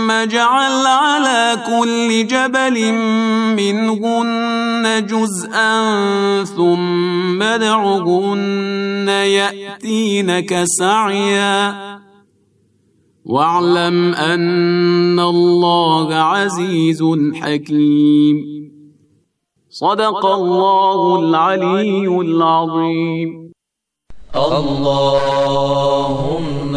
ثم جعل على كل جبل منهن جزءا ثم ادعهن ياتينك سعيا واعلم ان الله عزيز حكيم صدق الله العلي العظيم اللهم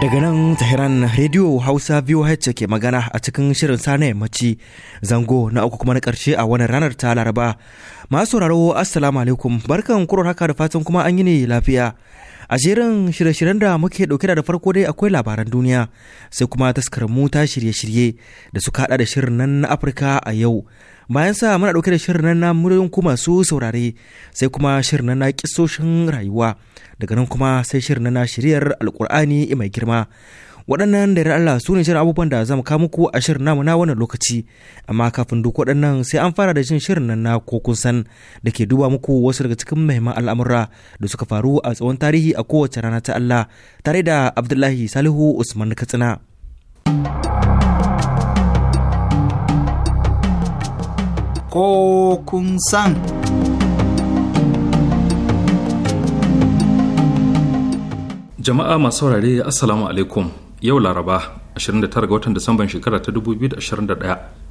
Daga nan Tehran Radio Hausa VOH ke magana a cikin shirin sane yammaci zango na uku kuma na karshe a wannan ranar ta Laraba. Masu sauraro Assalamu alaikum barkan kuro haka da fatan kuma an yi ne lafiya. A jerin shirye-shiryen da muke dauke da farko dai akwai labaran duniya sai kuma taskar mu ta shirye-shirye da suka kaɗa da shirin nan na Afirka a yau. bayan sa muna dauke da shirin nan na muryoyin ku masu saurare sai kuma shirin nan na kisoshin rayuwa daga nan kuma sai shirin nan na shiryar alkur'ani mai girma waɗannan da Allah su ne shirin abubuwan da za mu kawo muku a shirin namu na wannan lokaci amma kafin duk waɗannan sai an fara da jin shirin nan na ko kun san da ke duba muku wasu daga cikin muhimman al'amura da suka faru a tsawon tarihi a kowace rana ta Allah tare da Abdullahi Salihu Usman Katsina. ko kun san. Jama'a masu saurare Assalamu alaikum yau Laraba 29 ga watan Disamban shekara ta 2021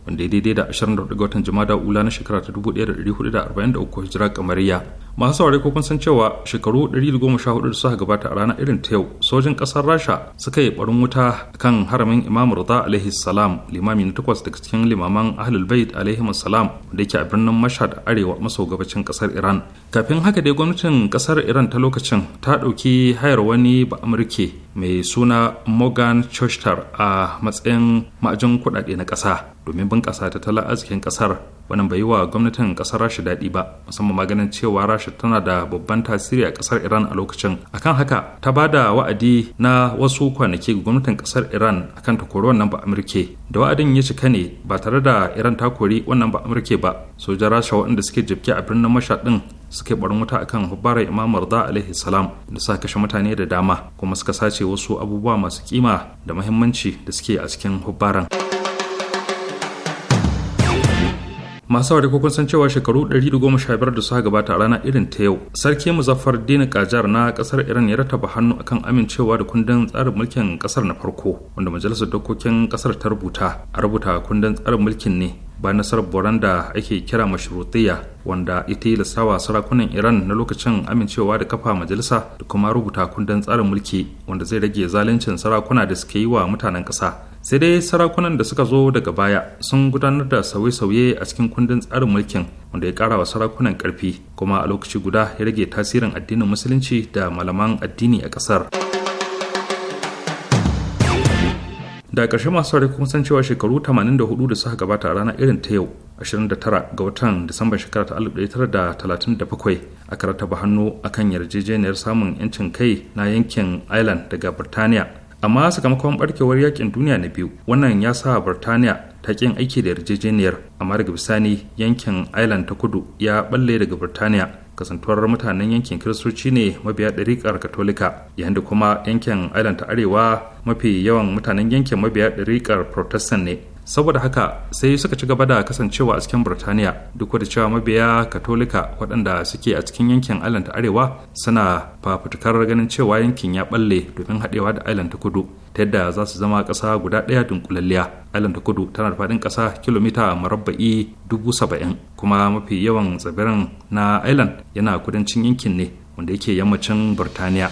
wanda ya daidai da 24 ga watan jama'a ula na shekara ta 1443 hijira kamariya masu saurari ko kun san cewa shekaru 114 da suka gabata a ranar irin ta yau sojin kasar rasha suka yi barin wuta kan haramin imam rida alaihi salam limami na takwas daga cikin limaman ahlul bait alaihi salam da yake a birnin mashhad arewa maso gabacin kasar iran kafin haka dai gwamnatin kasar iran ta lokacin ta ɗauki hayar wani ba amurke mai suna morgan chester a matsayin ma'ajin kuɗaɗe na kasa. domin bunƙasa tattalin arzikin ƙasar wannan bai yi wa gwamnatin ƙasar rasha daɗi ba musamman maganin cewa rasha tana da babban tasiri a ƙasar iran a lokacin akan haka ta ba da wa'adi na wasu kwanaki ga gwamnatin ƙasar iran akan ta kori wannan ba amurke da wa'adin ya cika ne ba tare da iran ta kori wannan ba amurke ba sojan rasha waɗanda suke jibge a birnin mashaɗin suke barin wuta akan hubbarar imam da alaihi salam da sa kashe mutane da dama kuma suka sace wasu abubuwa masu kima da muhimmanci da suke a cikin hubbaran. masu aure kun san cewa shekaru 115 da suka gabata a rana irin ta yau sarki muzaffar dina kajar na kasar iran ya rataba hannu akan amincewa da kundin tsarin mulkin kasar na farko wanda majalisar dokokin kasar ta rubuta a rubuta kundin tsarin mulkin ne ba nasarar boran da ake kira mashrutiyya wanda ita yi lissawa sarakunan iran na lokacin amincewa da kafa majalisa da kuma rubuta kundin tsarin mulki wanda zai rage zaluncin sarakuna da suke yi wa mutanen ƙasa sai dai sarakunan da suka zo daga baya sun gudanar da sauye-sauye a cikin kundin tsarin mulkin wanda ya karawa sarakunan karfi kuma a lokaci guda ya rage tasirin addinin musulunci da malaman addini a kasar da ƙarshe masu sauri kuma san cewa shekaru 84 da suka gabata a ranar irin ta yau 29 ga watan disamba shekara ta 1937 aka ba hannu akan yarjejeniyar samun 'yancin kai na yankin ireland daga birtaniya amma sakamakon barkewar yakin duniya na biyu wannan ya sa birtaniya ta kin aiki da yarjejeniyar amma daga bisani yankin island ta kudu ya balle daga birtaniya kasantuwar mutanen yankin kiristoci ne mabiya ɗariƙar katolika yayin da kuma yankin island ta arewa mafi yawan mutanen yankin mabiya ɗariƙar protestant ne saboda haka sai suka ci gaba da kasancewa a cikin burtaniya duk da cewa mabiya katolika waɗanda suke a cikin yankin island ta arewa suna fafutukar ganin cewa yankin ya balle domin haɗewa da island ta kudu ta yadda za su zama ƙasa guda ɗaya dunkulalliya island ta kudu tana da faɗin ƙasa kilomita marabba'i dubu saba'in kuma mafi yawan tsibirin na island yana kudancin yankin ne wanda yake yammacin burtaniya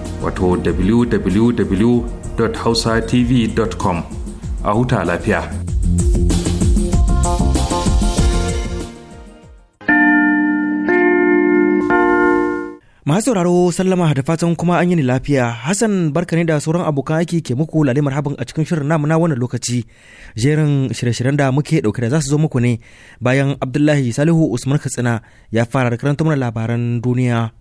wato www.hausatv.com a huta lafiya. Masu sauraro sallama da fatan kuma an yi ni lafiya Hassan barka ne da sauran abokan aiki ke muku lalimar marhaban a cikin shirin namu na wannan lokaci jerin shirye-shiryen da muke dauke da za su zo muku ne bayan Abdullahi Salihu Usman Katsina ya fara karanta mana labaran duniya.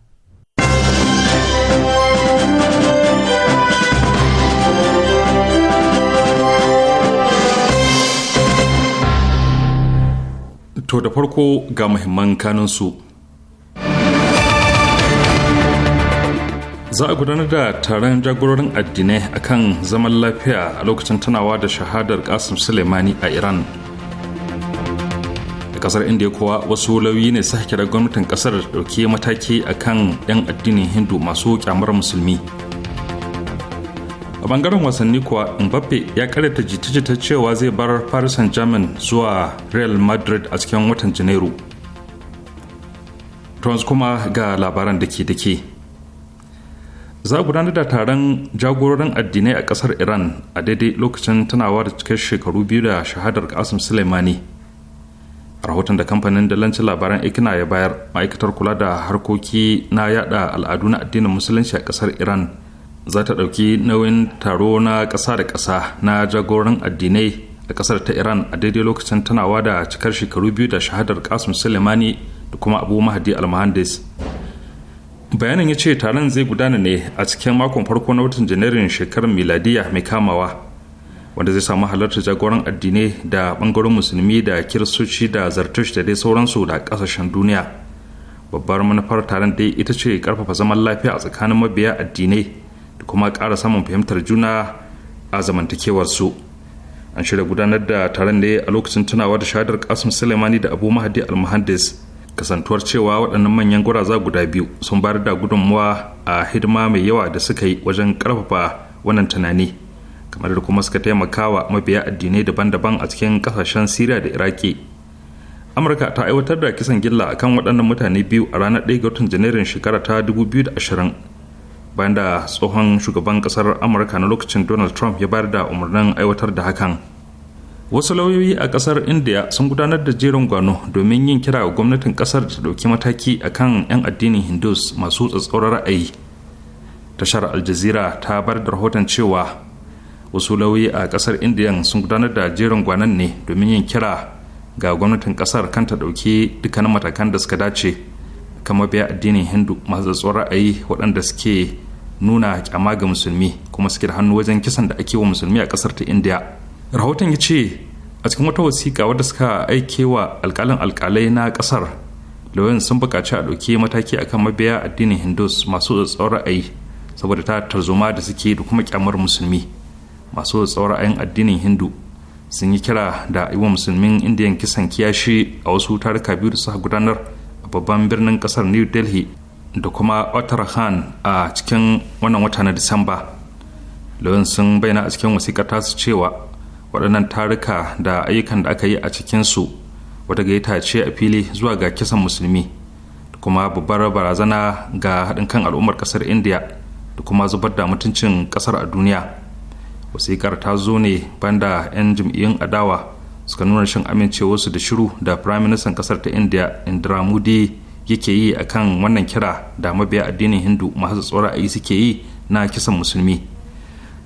da farko ga muhimman Za a gudanar da taron jagororin addinai akan zaman lafiya a lokacin tunawa da shahadar Qasim suleimani a Iran. A kasar India kuwa wasu lauyi ne sa gwamnatin kasar dauke ɗauki mataki akan 'yan addinin Hindu masu kyamar musulmi. bangaren wasanni kuwa mbappe ya karyata jita-jita cewa zai bar paris saint-germain zuwa real madrid a cikin watan janairu trans kuma ga labaran da ke dake za a gudanar da taron jagororin addinai a kasar iran a daidai lokacin tunawa da cikin shekaru biyu da shahadar kasim suleimani a rahoton da kamfanin dalancin labaran ikina ya bayar ma'aikatar kula da harkoki na yada al'adu na addinin musulunci a kasar iran za ta ɗauki nauyin taro na ƙasa da ƙasa na jagoran addinai a ƙasar ta iran a daidai lokacin tanawa da cikar shekaru biyu da shahadar kasim sulemani da kuma abu mahadi almahandis bayanin ya ce taron zai gudana ne a cikin makon farko na watan janairun shekarar miladiya mai kamawa wanda zai samu halartar jagoran addinai da bangaren musulmi da kirsoci da zartush da dai sauransu da kasashen duniya babbar manufar taron dai ita ce karfafa zaman lafiya a tsakanin mabiya addinai kuma ƙara samun fahimtar juna a zamantakewarsu an shirya gudanar da taron ne a lokacin tunawa da shahadar kasim suleimani da abu mahadi almuhandis kasantuwar cewa waɗannan manyan gwaraza guda biyu sun bayar da gudunmuwa a hidima mai yawa da suka yi wajen ƙarfafa wannan tunani kamar da kuma suka taimaka wa mabiya addinai daban-daban a cikin kasashen siriya da iraki amurka ta aiwatar da kisan gilla akan waɗannan mutane biyu a ranar 1 ga watan janairun shekara ta 2020 bayan da tsohon shugaban kasar amurka na lokacin donald trump ya bayar da umarnin aiwatar da hakan wasu lauyoyi a kasar india sun gudanar da jerin gwano domin yin kira ga gwamnatin kasar ta dauki mataki a kan 'yan addinin hindus masu tsatsauran ra'ayi tashar aljazira ta bar da rahoton cewa wasu lauyoyi a kasar india sun gudanar da jerin gwanon ne domin yin kira ga gwamnatin kasar kan ta dauki dukkanin matakan da suka dace kamar biya addinin hindu masu tsoron ra'ayi waɗanda suke nuna kyama ga musulmi kuma suke da hannu wajen kisan da ake wa musulmi a ƙasar ta indiya rahoton ya ce a cikin wata wasiƙa wadda suka aike wa alƙalin alƙalai na ƙasar lauyan sun buƙaci a ɗauki mataki akan mabiya addinin hindus masu tsoron ra'ayi saboda ta tarzoma da suke da kuma kyamar musulmi masu tsoron ra'ayin addinin hindu sun yi kira da iwa musulmin indiyan kisan kiyashi a wasu taruka biyu da suka gudanar a babban birnin kasar new delhi da kuma otterham a cikin wannan wata na disamba lauyan sun bayyana a cikin wasiƙa tasu cewa waɗannan tarika da ayyukan da aka yi a cikinsu wata gaita ce a fili zuwa ga kisan musulmi da kuma babbar barazana ga haɗin kan al'ummar ƙasar india da kuma zubar da mutuncin ƙasar a duniya wasiƙar ta zo ne banda 'yan jam'iyyun adawa suka nuna shin amincewarsu da shiru da Minister kasar ta india indira Modi yake yi akan wannan kira da mabiya addinin hindu masu a yi suke yi na kisan musulmi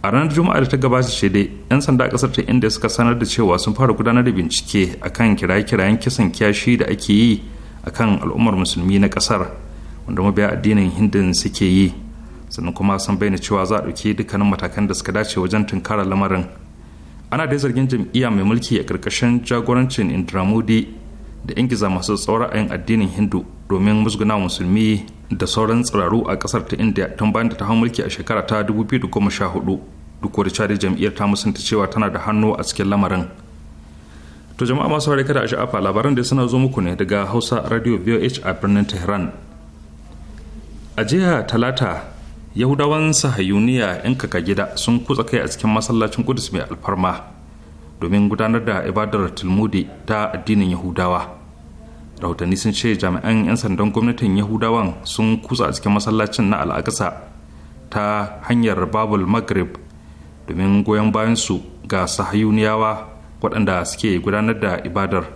a ranar juma'a da ta gabata ce dai yan sanda kasar ta india suka sanar da cewa sun fara gudanar da bincike akan kiraye-kirayen kisan kyashi da ake yi akan al'ummar musulmi na kasar wanda mabiya addinin hindu suke yi sannan kuma sun bayyana cewa za a ɗauki dukkanin matakan da suka dace wajen tunkara lamarin ana da zargin jam'iyya mai mulki a ƙarƙashin jagorancin modi da ingiza masu tsawon ra'ayin addinin hindu domin musguna musulmi da sauran tsiraru a ƙasar ta india tun bayan da ta hau mulki a shekara ta 2014 duk da cari jam'iyyar ta musanta cewa tana da hannu a cikin lamarin to jama'a masu haure kada a sha'afa labaran da suna zo muku ne daga hausa radio voh a birnin tehran a jiya talata yahudawan sahayuniya 'yan kaka gida sun kutsa kai a cikin masallacin kudus mai alfarma domin gudanar da ibadar tilmudi ta addinin yahudawa rahotanni sun ce jami'an 'yan sandan gwamnatin yahudawan sun kutsa a cikin masallacin na al'aqsa ta hanyar babul maghrib domin goyon bayansu ga sahayuniyawa waɗanda suke gudanar da ibadar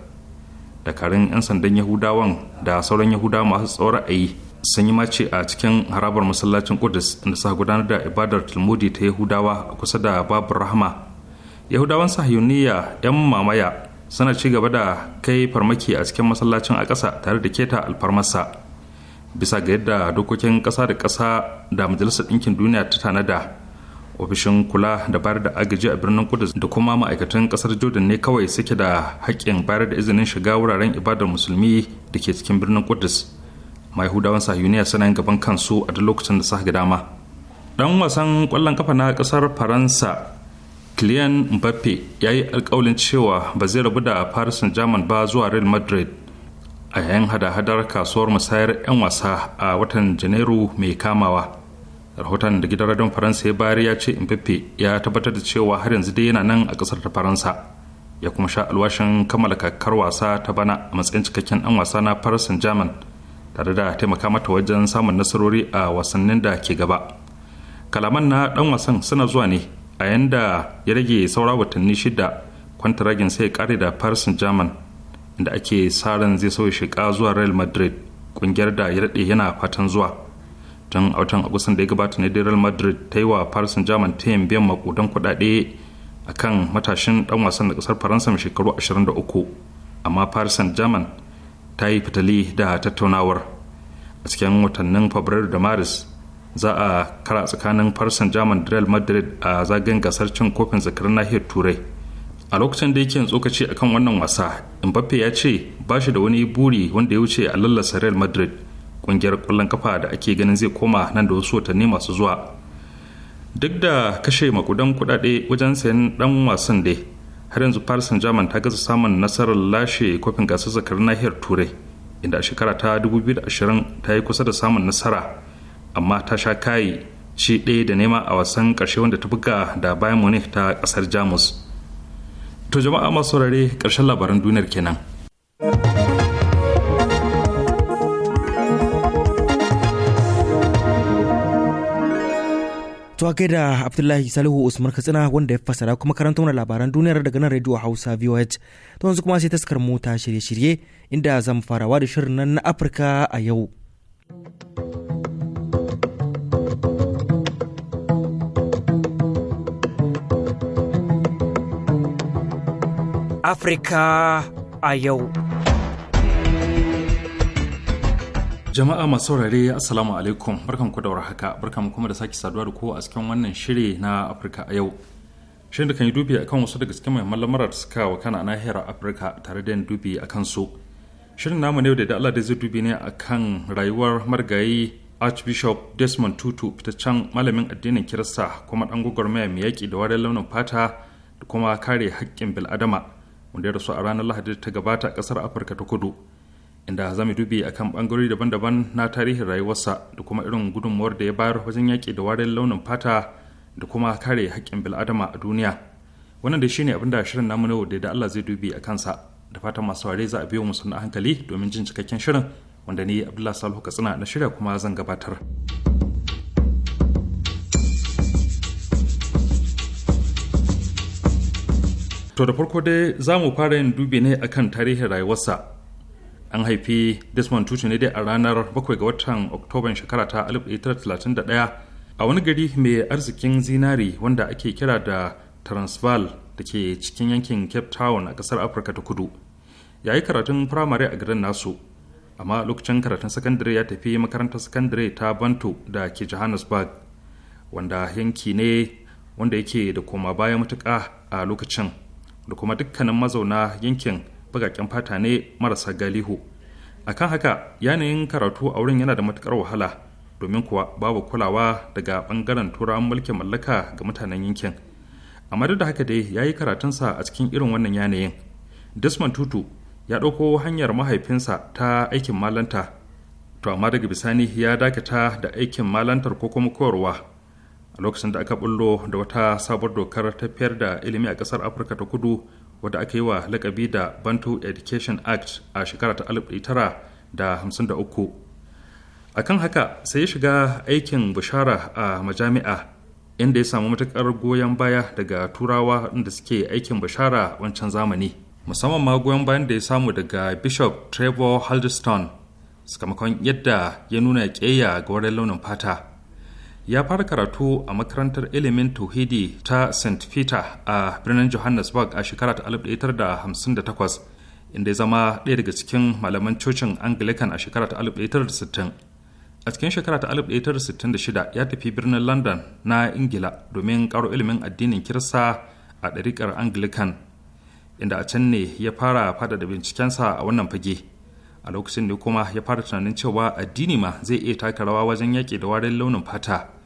dakarun 'yan sandan yahudawan da sauran yahudawa masu tsawon ra'ayi sun yi mace a cikin harabar masallacin kudus na suka gudanar da ibadar talmudi ta yahudawa a kusa da babu rahama yahudawan sahiyuniya 'yan mamaya suna ci gaba da kai farmaki a cikin masallacin a ƙasa tare da keta alfarmarsa bisa ga yadda dokokin ƙasa da ƙasa da majalisar ɗinkin duniya ta tanada ofishin kula da bayar da agaji a birnin kudus da kuma ma'aikatan ƙasar jordan ne kawai suke da haƙƙin bayar da izinin shiga wuraren ibadar musulmi da ke cikin birnin kudus mayahudawan sahiyuniya suna yin gaban kansu a duk lokacin da suka ga dama dan wasan kwallon kafa na kasar faransa Kylian Mbappe ya yi alkawalin cewa ba zai rabu da Paris Saint-Germain ba zuwa Real Madrid a yayin hada-hadar kasuwar musayar 'yan wasa a watan Janairu mai kamawa. Rahoton da gidan radon Faransa ya bayar ya ce Mbappe ya tabbatar da cewa har yanzu dai yana nan a kasar ta Faransa. Ya kuma sha alwashin kammala kakar wasa ta bana a matsayin cikakken 'yan wasa na Paris Saint-Germain. tare da taimaka mata wajen samun nasarori a wasannin da ke gaba kalaman na dan wasan suna zuwa ne a yanda ya rage saura watanni shida kwanta ragin sai kare da paris german inda ake tsarin zai sauya shiga zuwa real madrid kungiyar da ya daɗe yana fatan zuwa tun a watan agustan da ya gabata ne da real madrid ta yi wa paris german ta yin biyan makudan kuɗaɗe a kan matashin ɗan wasan da ƙasar faransa mai shekaru 23 amma paris german ta yi fitali da tattaunawar a cikin watannin fabrairu da maris za a kara tsakanin farsan jaman real madrid a zagayen gasar cin kofin zakarin nahiyar turai a lokacin da yake tsokaci a kan wannan wasa mbappe ya ce ba shi da wani buri wanda ya wuce a lallasa real madrid ƙungiyar kwallon kafa da ake ganin zai koma nan da wasu watanni masu zuwa duk da kashe makudan kudade wajen sayan ɗan wasan dai har yanzu paris saint germain ta gaza samun nasarar lashe kofin gasar zakar nahiyar turai inda a shekara ta 2020 ta yi kusa da samun nasara amma ta sha kayi ci ɗaya da nema a wasan ƙarshe wanda ta buga da bayan munich ta ƙasar jamus to jama'a masu saurare ƙarshen labaran duniyar kenan. To a da Abdullahi Salihu Usman Katsina wanda ya fasara kuma karanta mana labaran duniyar daga nan Radio Hausa VOH. To yanzu kuma sai taskar mota shirye-shirye inda zan farawa da shirin nan na Afirka a yau. Afirka a yau. jama'a masu saurare assalamu alaikum barkan ku da warhaka barkan kuma da sake saduwa da ku a cikin wannan shiri na afirka a yau shirin da kan yi dubi akan wasu daga cikin muhimman lamura da suka wakana a nahiyar afirka tare da yin dubi akan su shirin namu ne da Allah da zai dubi ne akan rayuwar margayi Archbishop Desmond Tutu fitaccen malamin addinin Kirista kuma dan gwagwarmaya mai yaƙi da warin launin fata da kuma kare haƙƙin bil'adama wanda ya rasu a ranar Lahadi ta gabata a ƙasar Afirka ta Kudu. inda za mu dubi akan bangarori daban-daban na tarihin rayuwarsa da kuma irin gudunmuwar da ya bayar wajen yaƙi da warin launin fata da kuma kare haƙƙin bil'adama a duniya wannan da shine ne abinda shirin namu na yau da Allah zai dubi a kansa da fatan masu ware za a biyo mu suna hankali domin jin cikakken shirin wanda ni Abdullah Salihu Katsina na shirya kuma zan gabatar. To da farko dai za mu fara yin dubi ne akan tarihin rayuwarsa an haifi desmond tutu ne dai a ranar 7 ga watan oktoban shekara ta 1931 a wani gari mai arzikin zinari wanda ake kira da transvaal da ke cikin yankin cape town a kasar afirka ta kudu ya yi karatun firamare a garin nasu amma lokacin karatun sakandare ya tafi makarantar sakandare ta banto da ke johannesburg wanda yanki ne wanda yake da koma baya matuka a lokacin da kuma dukkanin mazauna yankin bagaken fata ne marasa galihu A kan haka yanayin karatu a wurin yana da matukar wahala domin kuwa babu kulawa daga ɓangaren turawan mulkin mallaka ga mutanen yankin amma duk da haka dai ya yi karatunsa a cikin irin wannan yanayin desmond tutu ya ɗauko hanyar mahaifinsa ta aikin malanta to amma daga bisani ya dakata da aikin malantar ko kuma koyarwa a lokacin da aka bullo da wata sabuwar dokar ta fiyar da ilimi a ƙasar afirka ta kudu wadda aka yi wa lakabi da bantu education act a shekara ta da da hamsin 1953 kan haka sai ya shiga aikin bishara a majami'a inda ya samu matuƙar goyon baya daga turawa inda suke aikin bishara wancan zamani musamman ma goyon bayan da ya samu daga bishop trevor haldiston sakamakon yadda ya nuna ƙeya ga wurin launin fata ya fara karatu a makarantar ilimin tauhidi ta st peter a birnin johannesburg a shekara ta 1958 inda ya zama ɗaya daga cikin malaman cocin anglican a shekara ta 1960 a cikin shekara ta 1966 ya tafi birnin london na ingila domin karo ilimin addinin kirista a ɗariƙar anglican inda a can ne ya fara faɗaɗa bincikensa a wannan fage a lokacin da kuma ya fara tunanin cewa addini ma zai iya taka rawa wajen yaƙi da warin launin fata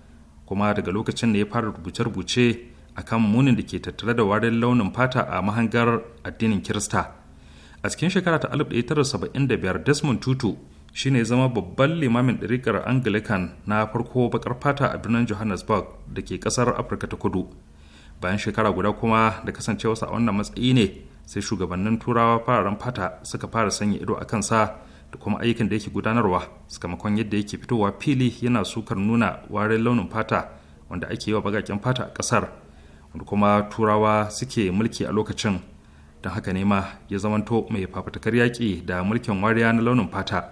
kuma daga lokacin da ya fara rubuce-rubuce kan munin da ke tattare da warin launin fata a mahangar addinin kirista a cikin shekara ta 1975 desmond tutu shi ne zama babban limamin ɗarikar anglican na farko bakar fata a birnin johannesburg da ke ƙasar afirka ta kudu bayan shekara guda kuma da kasancewarsa a wannan matsayi ne sai shugabannin turawa fararen fata suka fara sanya ido a kansa da kuma ayyukan da yake gudanarwa sakamakon yadda yake fitowa fili yana sukar nuna warin launin fata wanda ake yi wa bagaken fata a ƙasar wanda kuma turawa suke mulki a lokacin don haka ne ma ya zamanto mai fafatakar yaƙi da mulkin wariya na launin fata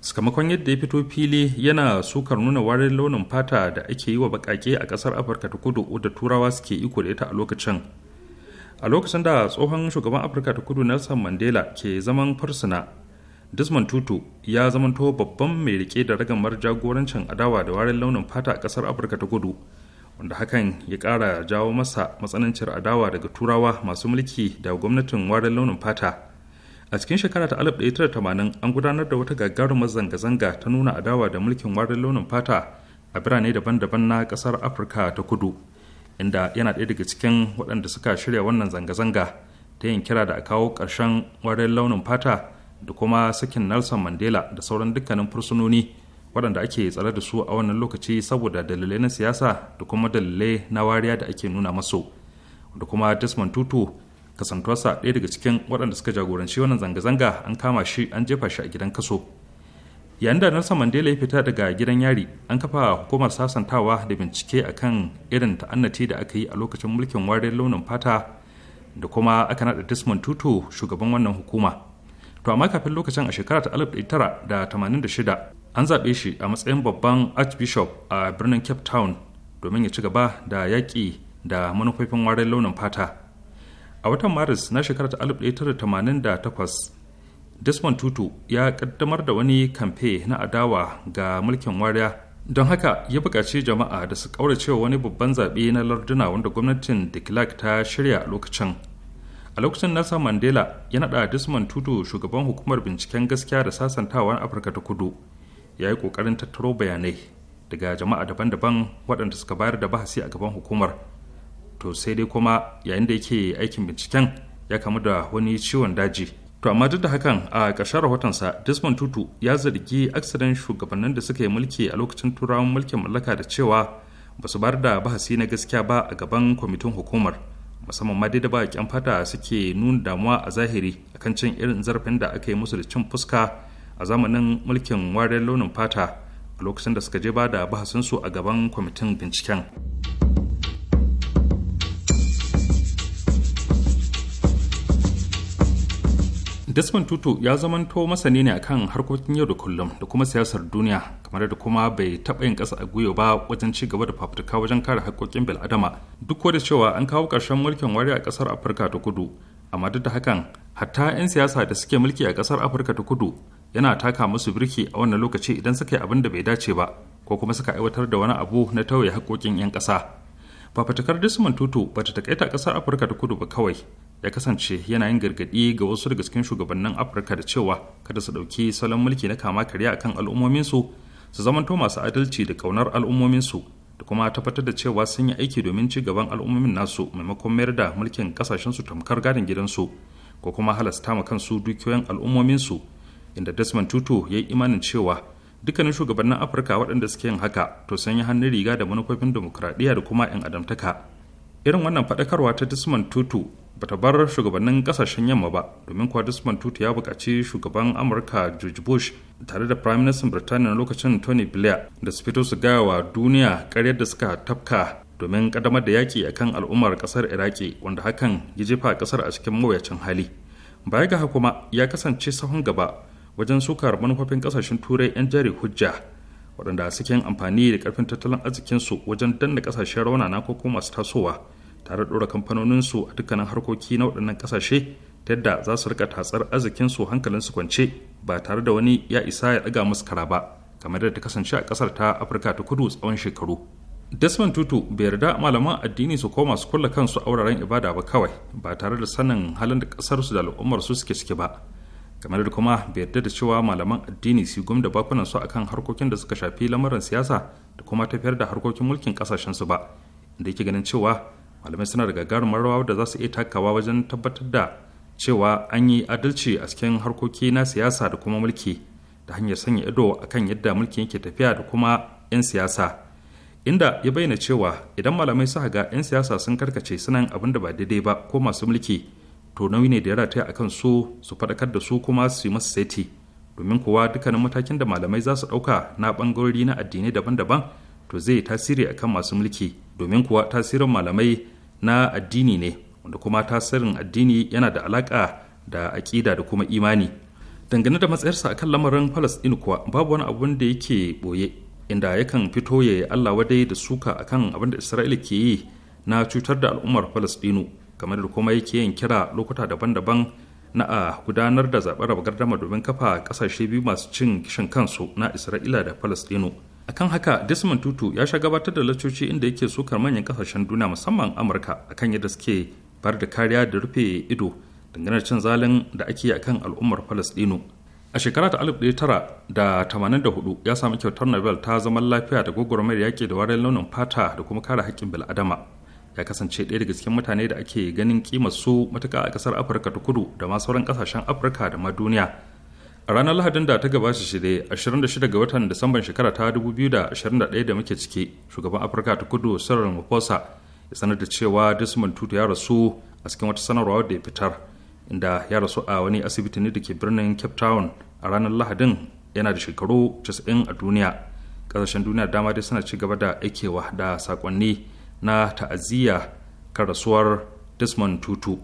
sakamakon yadda ya fito fili yana sukar nuna warin launin fata da ake yi wa baƙaƙe a ƙasar afirka ta kudu da turawa suke iko da ita a lokacin a lokacin da tsohon shugaban afirka ta kudu nelson mandela ke zaman farsuna. desmond tutu ya zamanto babban mai rike da ragamar jagorancin adawa da warin launin fata a kasar afirka ta kudu wanda hakan ya kara jawo masa matsanancin adawa daga turawa masu mulki da gwamnatin warin launin fata a cikin shekara ta 1980 an gudanar da wata gagarumar zanga-zanga ta nuna adawa da mulkin warin launin fata a birane daban-daban na kasar afirka ta kudu inda yana ɗaya daga cikin waɗanda suka shirya wannan zanga-zanga ta yin kira da a kawo ƙarshen warin launin fata da kuma sakin nelson mandela da sauran dukkanin fursunoni waɗanda ake tsare da su a wannan lokaci saboda dalilai na siyasa da kuma dalilai na wariya da ake nuna masu da kuma desmond tutu kasantuwarsa ɗaya daga cikin waɗanda suka jagoranci wannan zanga-zanga an kama shi an jefa shi a gidan kaso yayin da nelson mandela ya fita daga gidan yari an kafa hukumar sasantawa da bincike akan irin ta'annati da aka yi a lokacin mulkin wariyar launin fata da kuma aka naɗa desmond tutu shugaban wannan hukuma to amma kafin lokacin a shekara ta 1986 an zaɓe shi a matsayin babban archbishop a birnin cape town domin ya ci gaba da yaƙi da manufofin warin launin fata a watan maris na shekara ta 1988 desmond tutu ya ƙaddamar da wani kamfe na adawa ga mulkin wariya don haka ya buƙaci jama'a da su ƙauracewa wani babban zaɓe na larduna wanda gwamnatin de klerk ta shirya lokacin a lokacin nasa mandela ya naɗa desmond tutu shugaban hukumar binciken gaskiya da sasantawan afirka ta kudu ya yi ƙoƙarin tattaro bayanai daga jama'a daban-daban waɗanda suka bayar da bahasi a gaban hukumar to sai dai kuma yayin da yake aikin binciken ya kamu da wani ciwon daji to amma duk da hakan a ƙarshen rahotonsa desmond tutu ya zargi aksidan shugabannin da suka yi mulki a lokacin turawan mulkin mallaka da cewa ba su bayar da bahasi na gaskiya ba a gaban kwamitin hukumar musamman ma da baƙin fata suke nuna damuwa a zahiri kan cin irin zarafin da aka yi musu da cin fuska a zamanin mulkin wariyar launin fata a lokacin da suka je ba da bahasinsu a gaban kwamitin binciken. Desmond Tutu ya zamanto masani ne akan harkokin yau da kullum da kuma siyasar duniya kamar da kuma bai taɓa yin ƙasa a gwiwa ba wajen ci gaba da fafutuka wajen kare harkokin bil'adama duk da cewa an kawo ƙarshen mulkin wari a ƙasar Afirka ta kudu amma duk da hakan hatta 'yan siyasa da suke mulki a ƙasar Afirka ta kudu yana taka musu birki a wannan lokaci idan suka yi abin da bai dace ba ko kuma suka aiwatar da wani abu na tauye haƙoƙin 'yan ƙasa. fafatakar Desmond Tutu bata ta takaita ƙasar Afirka ta kudu ba kawai ya kasance yana yin gargaɗi ga wasu daga cikin shugabannin afirka da cewa kada su ɗauki salon mulki na kama karya kan al'ummominsu su zamanto masu adalci da ƙaunar al'ummominsu da kuma tabbatar da cewa sun yi aiki domin ci gaban al'ummomin nasu maimakon mayar da mulkin kasashensu tamkar gadin gidansu ko kuma halasta ma kansu dukiyoyin al'ummominsu inda desmond tutu ya yi imanin cewa dukkanin shugabannin afirka waɗanda suke yin haka to sun yi hannun riga da manufofin demokuraɗiyya da kuma 'yan adamtaka irin wannan faɗakarwa ta desmond tutu bata bar shugabannin kasashen yamma ba domin kuwa Desmond Tutu ya buƙaci shugaban Amurka George Bush tare da Prime Minister Birtaniya lokacin Tony Blair da su fito su gaya wa duniya karyar da suka tafka domin ƙaddamar da yaƙi akan al'ummar ƙasar Iraki wanda hakan ya jefa ƙasar a cikin mawuyacin hali. Baya ga kuma ya kasance sahun gaba wajen sukar manufofin kasashen Turai 'yan jari hujja waɗanda suke amfani da ƙarfin tattalin arzikinsu wajen danna ƙasashen raunana ko kuma masu tasowa. tare da kamfanoninsu a dukkanin harkoki na waɗannan ƙasashe ta yadda za su rika tatsar arzikin arzikinsu su kwance ba tare da wani ya isa ya ɗaga musu kara ba kamar yadda ta kasance a ƙasar ta afirka ta kudu tsawon shekaru desmond tutu bai yarda malaman addini su koma su kulla kansu a wuraren ibada ba kawai ba tare da sanin halin da ƙasarsu da al'ummar su suke ciki ba kamar da kuma bai yarda da cewa malaman addini su gwamda bakunan su akan harkokin da suka shafi lamarin siyasa da kuma tafiyar da harkokin mulkin kasashen su ba da yake ganin cewa malamai suna da gagarumar rawa da za su iya takawa wajen tabbatar da cewa an yi adalci a cikin harkoki na siyasa da kuma mulki da hanyar sanya ido a kan yadda mulki yake tafiya da kuma 'yan siyasa inda ya bayyana cewa idan malamai suka ga 'yan siyasa sun karkace sunan abin da ba daidai ba ko masu mulki to nauyi ne da ya rataya akan su su faɗakar da su kuma su yi masu saiti domin kuwa dukkanin matakin da malamai za su ɗauka na ɓangarori na addinai daban-daban to zai tasiri akan masu mulki domin kuwa tasirin malamai na addini ne wanda kuma tasirin addini yana da alaƙa da aƙida da kuma imani dangane da matsayarsa akan lamarin palestine kuwa babu wani abun da yake ɓoye inda yakan fito ya yi allah wadai da suka akan abin da isra'ila ke yi na cutar da al'ummar palestinu kamar da kuma yake yin kira lokuta daban-daban na a gudanar da zaɓen raba gardama domin kafa ƙasashe biyu masu cin kishin kansu na isra'ila da palestinu akan haka desmond tutu ya sha gabatar da lacoci inda yake sukar manyan kasashen duniya musamman amurka akan yadda suke bar da kariya da rufe ido dangane da cin zalin da ake yi a kan al'ummar falastino a shekara ta 1984 ya sami kyautar nobel ta zaman lafiya da gwagwarmayar yaƙi da warin launin fata da kuma kare haƙƙin bil'adama ya kasance ɗaya daga cikin mutane da ake ganin kimar su matuƙa a ƙasar afirka ta kudu da ma sauran ƙasashen afirka da ma duniya a ranar lahadin da ta gabata dai 26 ga watan disamban shekara ta 2021 da muke ciki shugaban afirka ta kudu sarar mafosa ya sanar da cewa desmond tutu ya rasu a cikin wata sanarwa da ya fitar inda ya rasu a wani asibiti ne da ke birnin cape town a ranar lahadin yana da shekaru 90 a duniya kasashen duniya dama dai suna ci gaba da aikewa da sakonni na ta'aziyya kan rasuwar desmond tutu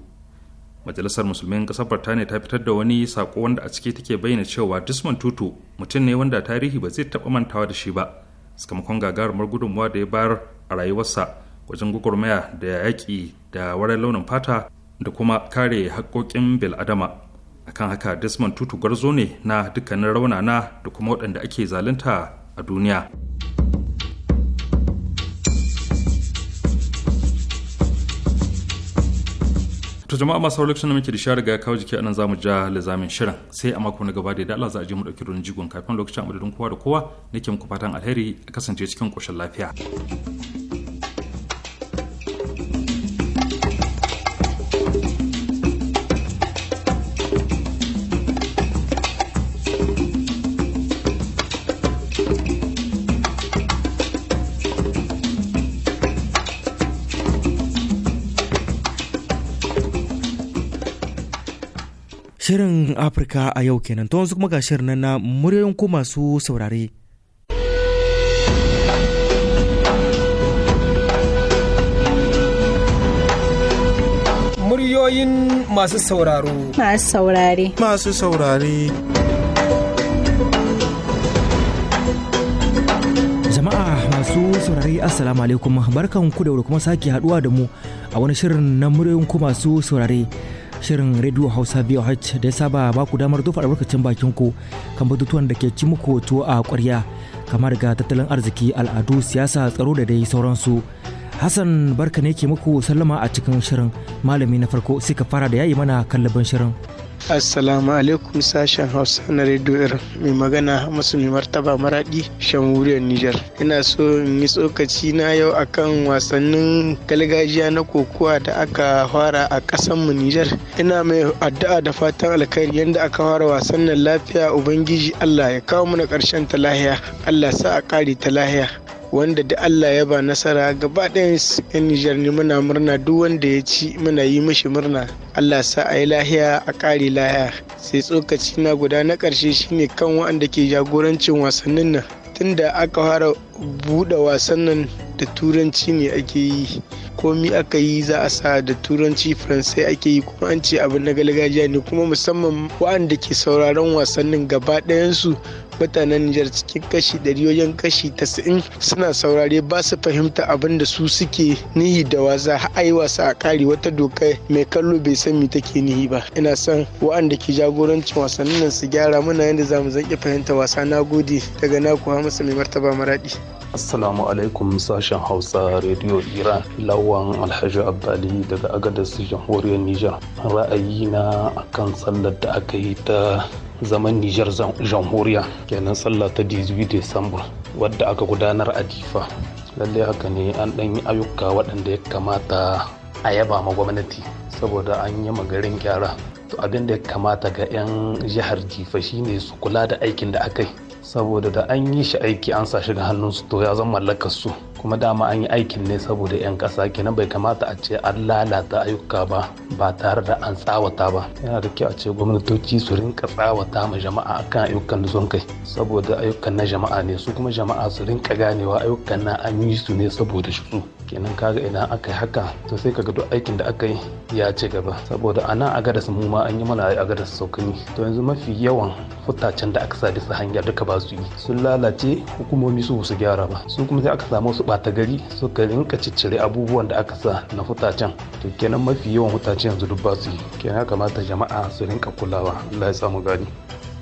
majalisar musulmin ƙasar birtaniya ta fitar da wani sako wanda a ciki take bayyana cewa desmond tutu mutum ne wanda tarihi ba zai taɓa mantawa da shi ba sakamakon gagarumar gudunmuwa da ya bayar a rayuwarsa wajen gwagwarmaya da yaƙi da wurin launin fata da kuma kare haƙƙoƙin bil'adama kan haka desmond tutu gwarzo ne na dukkanin raunana da kuma waɗanda ake zalunta a duniya. to jama'a masu lokacin da muke da shari'a ya kawo jiki anan zamu ja lazamin shirin sai a mako na gaba da Allah za a je mu dauki ruwan jigon kafin lokacin amadadin kowa da kowa nake muku fatan alheri a kasance cikin koshin lafiya Afirka a yau kenan to yanzu kuma ga shirin nan na muryoyin ku masu saurare. Muryoyin masu sauraro. Masu saurare. Masu saurare. Jama'a masu saurare Assalamu alaikum barkan ku da kuma sake haduwa da mu a wani shirin na muryoyin ku masu saurare. shirin rediyo hausa voh da ya saba ba ku damar dofa albarkacin bakin ku kan batutuwan da ke ci muku tuwo a kwarya kamar ga tattalin arziki al'adu siyasa tsaro da dai sauransu hassan barka ne ke muku sallama a cikin shirin malami na farko sai ka fara da yayi mana kallabin shirin assalamu alaikum sashen hausa na radio mai magana masu mai martaba Maraɗi, shan wuriyar nijar ina so in yi tsokaci na yau akan wasannin gargajiya na kokowa da aka fara a ƙasanmu nijar ina mai addu'a da fatan alkhairi yadda aka fara wasannin lafiya ubangiji allah ya kawo mana ƙarshen ta lahiya allah sa a ƙari ta lahiya wanda da Allah ya ba nasara gaba ɗayan yan Nijar ne muna murna duk wanda ya ci muna yi mishi murna Allah sa a yi lahiya a ƙari lahiya sai tsokaci na guda na ƙarshe shine kan waɗanda ke jagorancin wasannin nan tunda aka fara buɗe wasan nan da turanci ne ake yi komi aka yi za a sa da turanci faransai ake yi kuma an ce abin na gargajiya ne kuma musamman waɗanda ke sauraron wasannin gaba ɗayansu mutanen Nijar cikin kashi ɗari wajen kashi tasa'in suna saurare ba su fahimta abin da su suke nihi da wasa ai wasa a kari wata doka mai kallo bai san me take nihi ba ina son wa'anda ke jagorancin wasannin su gyara muna yadda za mu fahimta wasa na gode daga naku hamsa mai martaba maraɗi. Assalamu alaikum sashen Hausa Radio Iran lawan Alhaji Abdali daga Agadez Jamhuriyar Nijar. Ra'ayi na kan sallar da aka yi ta zaman Nijar Jamhuriya kenan Sallar ta 12 Disamba wadda aka gudanar a Difa. Lallai haka ne an ɗan yi ayyuka waɗanda ya kamata a yaba ma gwamnati saboda an yi magarin gyara. To abin da ya kamata ga 'yan jihar Difa shine su kula da aikin da aka yi. saboda da an yi shi aiki an sa shi ga su to ya zama mallakar su kuma dama an yi aikin ne saboda 'yan ƙasa kenan bai kamata a ce an lalata ayyuka ba ba tare da an tsawata ba yana da kyau a ce gwamnatoci su rinka tsawata ma jama'a akan ayyukan da sun kai saboda ayyukan na jama'a ne su kuma jama'a su rinka ganewa ayyukan na an yi su ne saboda shi kenan kaga idan aka yi haka to sai kaga duk aikin da aka yi ya ci gaba saboda a nan agadas mu ma an yi mana a agadas saukani to yanzu mafi yawan futacen da aka sa su hanya duka ba su yi sun lalace hukumomi su su gyara ba su kuma sai aka samu su bata gari ka rinka ciccire abubuwan da aka sa na futacen to kenan mafi yawan futace yanzu duk ba su yi kenan kamata jama'a su rinka kulawa Allah ya samu gani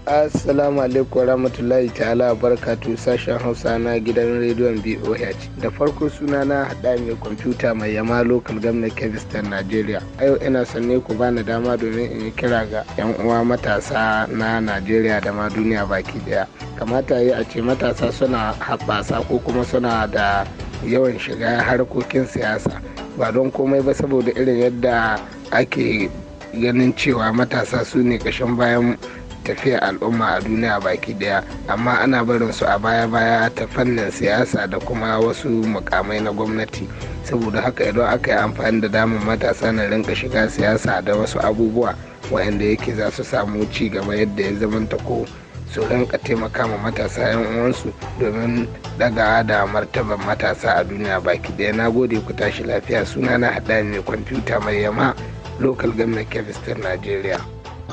Assalamu alaikum rahmatullahi ta'ala barkatu sashen Hausa na gidan rediyon BOH. Da farko suna na haɗa mai kwamfuta mai yama lokal government Kevistan Najeriya. A yau ina sanne ku bani dama domin in yi kira ga 'yan uwa matasa na Najeriya da ma duniya baki daya. Kamata yi a ce matasa suna haɓasa ko kuma suna da yawan shiga harkokin siyasa. Ba don komai ba saboda irin yadda ake ganin cewa matasa su ne ƙashin bayan tafiyar al'umma a duniya baki daya amma ana barin su a baya-baya ta fannin siyasa da kuma wasu mukamai na gwamnati saboda haka idan aka yi amfani da damar matasa na rinka shiga siyasa da wasu abubuwa waɗanda yake za su samu ci gaba yadda ya zamanta ko su rinka taimaka ma matasa 'yan uwansu domin daga da martaban matasa a duniya baki daya na gode ku tashi lafiya suna na ne kwamfuta mai yama local government kebistar nigeria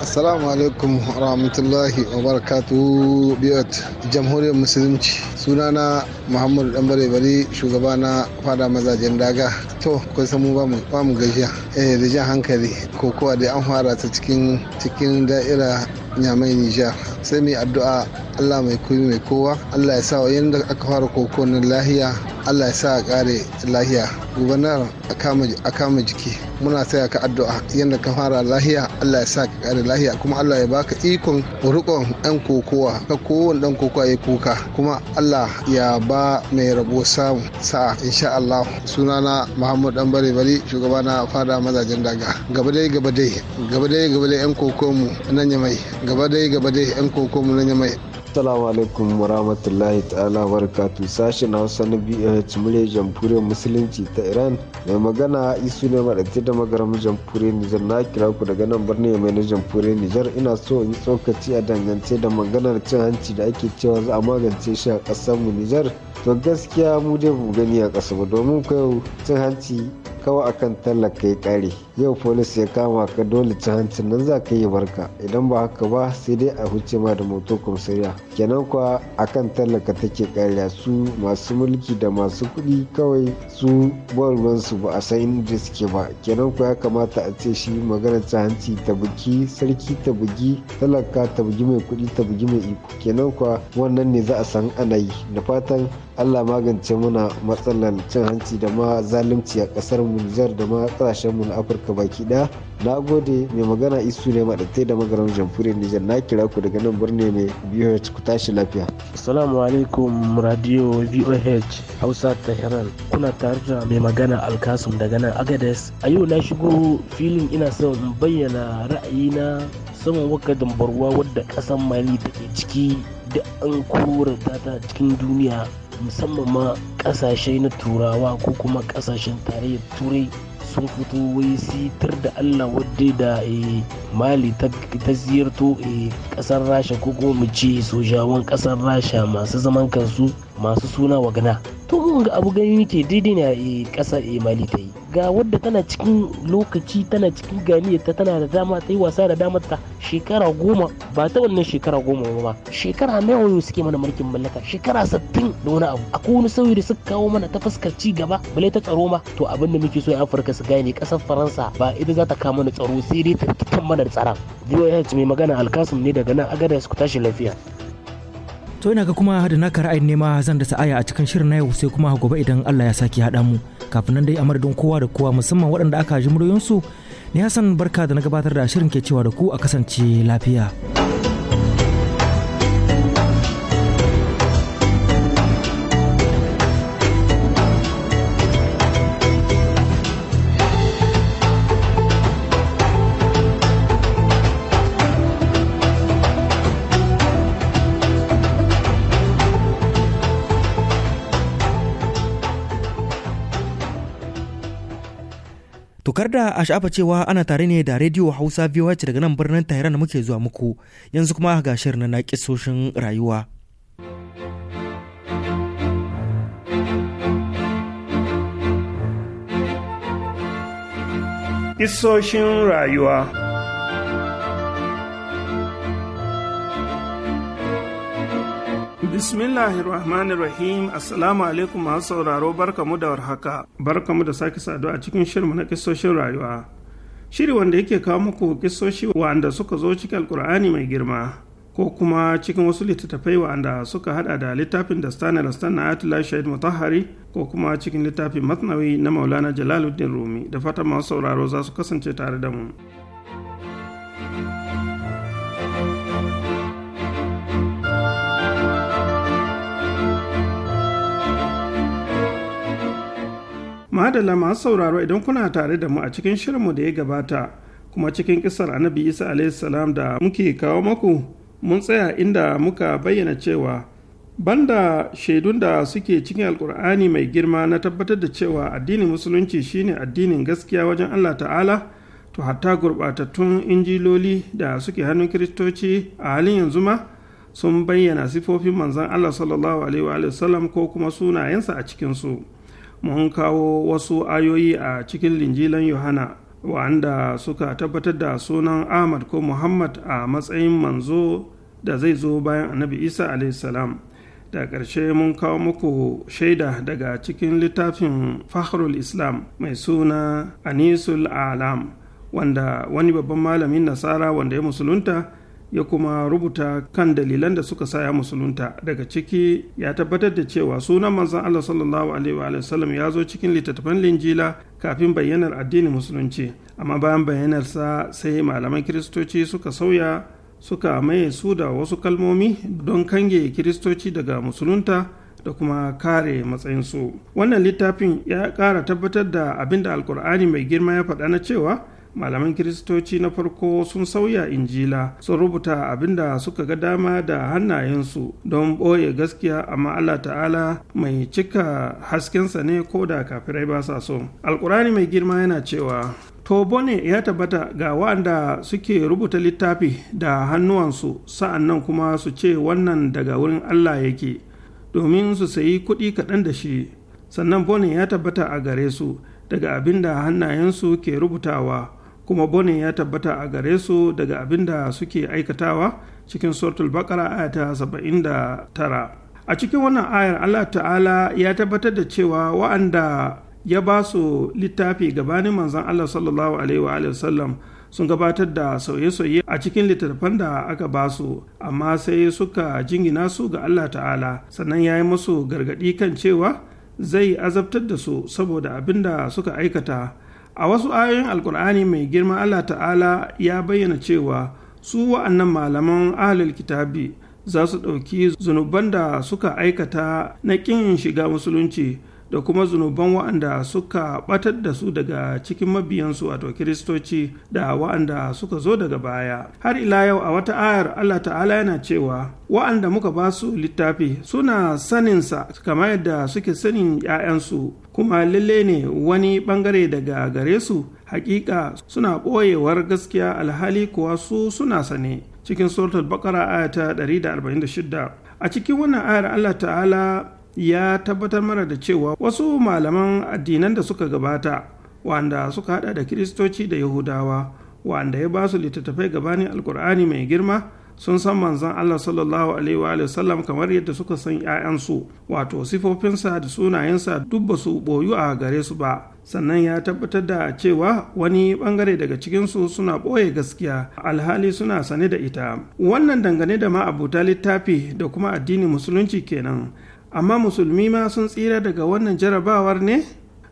Assalamu alaikum rahmatullahi wa barakatu biyat jamhuriyar musulunci sunana Muhammadu dan bare shugaba na fada mazajen daga to kun san mu ba mu gajiya eh da jan hankali kokowa da an fara ta cikin da'ira mai nija sai mai addu'a Allah mai kuyi mai kowa Allah ya sa yadda aka fara kokonin na lahiya Allah ya sa a kare lahiya gubernar a kama jiki muna saya ka addu'a yadda ka fara lahiya Allah ya sa ka kare lahiya kuma Allah ya baka ikon rikon yan kokowa ka kowane dan kokowa ya kuka kuma Allah ya ba mai rabo samu sa'a insha Allah sunana Muhammad Dan Bare Bari shugaba na fada mazajen daga gaba dai gaba dai gaba dai gaba dai 'yan kokonmu nan ya mai gaba dai gaba dai yan koko mu na mai Assalamu alaikum wa rahmatullahi ta'ala wa sashen Hausa na BH murya jamhuriyar musulunci ta Iran mai magana isu ne maɗaɗe da magaramin jamhuriyar Nijar na kira ku daga nan birnin mai na jamhuriyar Nijar ina so in yi tsokaci a dangance da maganar cin hanci da ake cewa za a magance shi a ƙasar mu Nijar to gaskiya mu dai mu gani a ƙasa ba domin yau cin hanci kawai akan tallaka ya kare yau polis ya kama ka dole cin hancin nan za ka yi barka idan ba haka ba sai dai a huce ma da moto komisariya kenan kuwa akan tallaka take karya su masu mulki da masu kuɗi kawai su ba su ba a san inda suke ba kenan kuwa ya kamata a ce shi magana ta hanci ta buki sarki ta bugi talaka ta bugi mai kuɗi ta bugi mai iko kenan kuwa wannan ne za a san ana yi da fatan allah magance muna matsalar cin hanci da ma zalunci a kasar mu da ma kasashen mu na afirka baki daya na gode mai magana isu ne maɗatai da magaran jamhuriyar nijar na kira ku daga nan birni mai biyu ku tashi lafiya assalamu alaikum radio voh hausa tehran kuna tare da mai magana alkasum daga nan agades a yau na shigo filin ina son in bayyana ra'ayina saman wakadin barwa wadda ƙasar mali take ciki da an kura ta cikin duniya musamman ma kasashe na turawa ko kuma kasashen tarayyar turai sun fito wai sitar da allah wadda da eh, mali ta ziyarto kasar eh, rasha ko kuma mu ce sojawan kasar rasha masu zaman kansu masu suna wagana to mun ga abu gani ke daidai ne a kasar eh, eh, mali ta yi ga wadda tana cikin lokaci tana cikin ganiyar ta tana da dama ta yi wasa da damar ta shekara goma ba ta wannan shekara goma ba shekara na suke mana mulkin mallaka shekara sattin da wani abu akwai wani sauyi da suka kawo mana ta fuskar ci gaba bale ta tsaro ma to abin da muke so a afirka su gane kasar faransa ba ita za ta kawo mana tsaro sai dai ta kan mana tsaron voh mai magana alkasum ne daga nan agada su tashi lafiya to ina ga kuma da naka ra'ayin nema zan da sa'aya a cikin shirin na yau sai kuma gobe idan Allah ya saki haɗa mu kafin nan dai a madadin kowa da kowa musamman waɗanda aka ji muryoyinsu ni Hassan barka da na gabatar da shirin ke cewa da ku a kasance lafiya. Tukar da a sha'afa cewa ana tare ne da Radio Hausa VOH daga nan birnin da muke zuwa muku yanzu kuma ga shirin na kisoshin rayuwa. Isoshin rayuwa Bismillahirrahmanirrahim Assalamu alaikum masu sauraro barkamu da warhaka barkamu da sake saduwa a cikin shirmu na kisoshin rayuwa shiri wanda yake kawo muku kisoshi wanda suka zo cikin alkur'ani mai girma ko kuma cikin wasu littattafai wanda suka hada da littafin da stan da stana atila shahid mutahari ko kuma cikin littafin masnawi na maulana jalaluddin rumi da fatan masu sauraro za su kasance tare da mu. madalla masu sauraro idan kuna tare da mu a cikin shirinmu da ya gabata kuma cikin kisar annabi isa alaihissalam da muke kawo maku mun tsaya inda muka bayyana cewa banda shaidun da suke cikin alkur'ani mai girma na tabbatar da cewa addinin musulunci shine addinin gaskiya wajen allah ta'ala to hatta gurbatattun injiloli da suke hannun kiristoci a halin yanzu ma sun bayyana sifofin manzon allah sallallahu alaihi wa sallam ko kuma sunayensa a cikinsu. mun kawo wasu ayoyi a cikin linjilan yohana wa'anda suka tabbatar da sunan ahmad ko muhammad a matsayin manzo da zai zo bayan annabi isa salam da ƙarshe mun kawo muku shaida daga cikin littafin fahrul islam mai suna anisul alam wanda wani babban malamin nasara wanda ya musulunta ya kuma rubuta kan dalilan da suka saya musulunta daga ciki ya tabbatar da cewa sunan manzon Allah sallallahu alaihi wa ya zo cikin littattafan linjila kafin bayyanar addinin musulunci amma bayan bayyanarsa sai malaman kiristoci suka sauya suka maye su da wasu kalmomi don kange kiristoci daga musulunta da kuma kare matsayinsu wannan littafin ya ƙara tabbatar da abin da alkur'ani mai girma ya faɗa na cewa malaman kiristoci na farko sun sauya injila sun rubuta abin da suka ga dama da hannayensu don ɓoye gaskiya amma allah ta'ala mai cika haskensa ne ko da kafirai ba sa so alkurani mai girma yana cewa to bone ya tabbata ga waɗanda suke rubuta littafi da hannuwansu sa'annan kuma su ce wannan daga wurin allah yake domin su sayi kuɗi kaɗan da shi sannan bone ya tabbata a gare su daga abin da hannayensu ke rubutawa kuma bone ya tabbata a gare su daga abin da suke aikatawa cikin suratul bakara aya ta tara. a cikin wannan ayar allah ta'ala ya tabbatar da cewa wa'anda ya ba su littafi gabanin manzon allah sallallahu alaihi wa sallam sun gabatar da sauye-sauye a cikin littattafan da aka ba su amma sai suka jingina su ga allah ta'ala sannan ya yi musu gargaɗi kan cewa zai azabtar da su saboda abin da suka aikata a wasu ayoyin alkur'ani mai girma allah ta'ala ya bayyana cewa su wa'annan malaman ahlul kitabi za su ɗauki zunuban da suka aikata na ƙin shiga musulunci da kuma zunuban wa'anda suka ɓatar da su daga cikin mabiyansu wato kiristoci da wa'anda suka zo daga baya har ila yau a wata ayar allah ta'ala yana cewa wa'anda muka ba su littafi suna saninsa kamar yadda suke sanin 'ya'yansu kuma lalle ne wani bangare daga gare su hakika suna ɓoyewar gaskiya alhali kuwa su suna sane cikin suratul bakara aya ta 146 a cikin wannan ayar Allah ta'ala ya tabbatar mara da cewa wasu malaman addinan da suka gabata wanda suka hada da kiristoci da yahudawa wanda ya ba su littattafai gabanin alkur'ani mai girma sun san manzon Allah sallallahu alaihi wa sallam kamar yadda suka san 'ya'yansu wato sifofinsa da sunayensa duk ba su boyu a gare su ba sannan ya tabbatar da cewa wani bangare daga cikinsu suna ɓoye gaskiya alhali suna sane da ita wannan dangane da ma'abuta littafi da kuma addini musulunci kenan amma musulmi ma sun tsira daga wannan jarabawar ne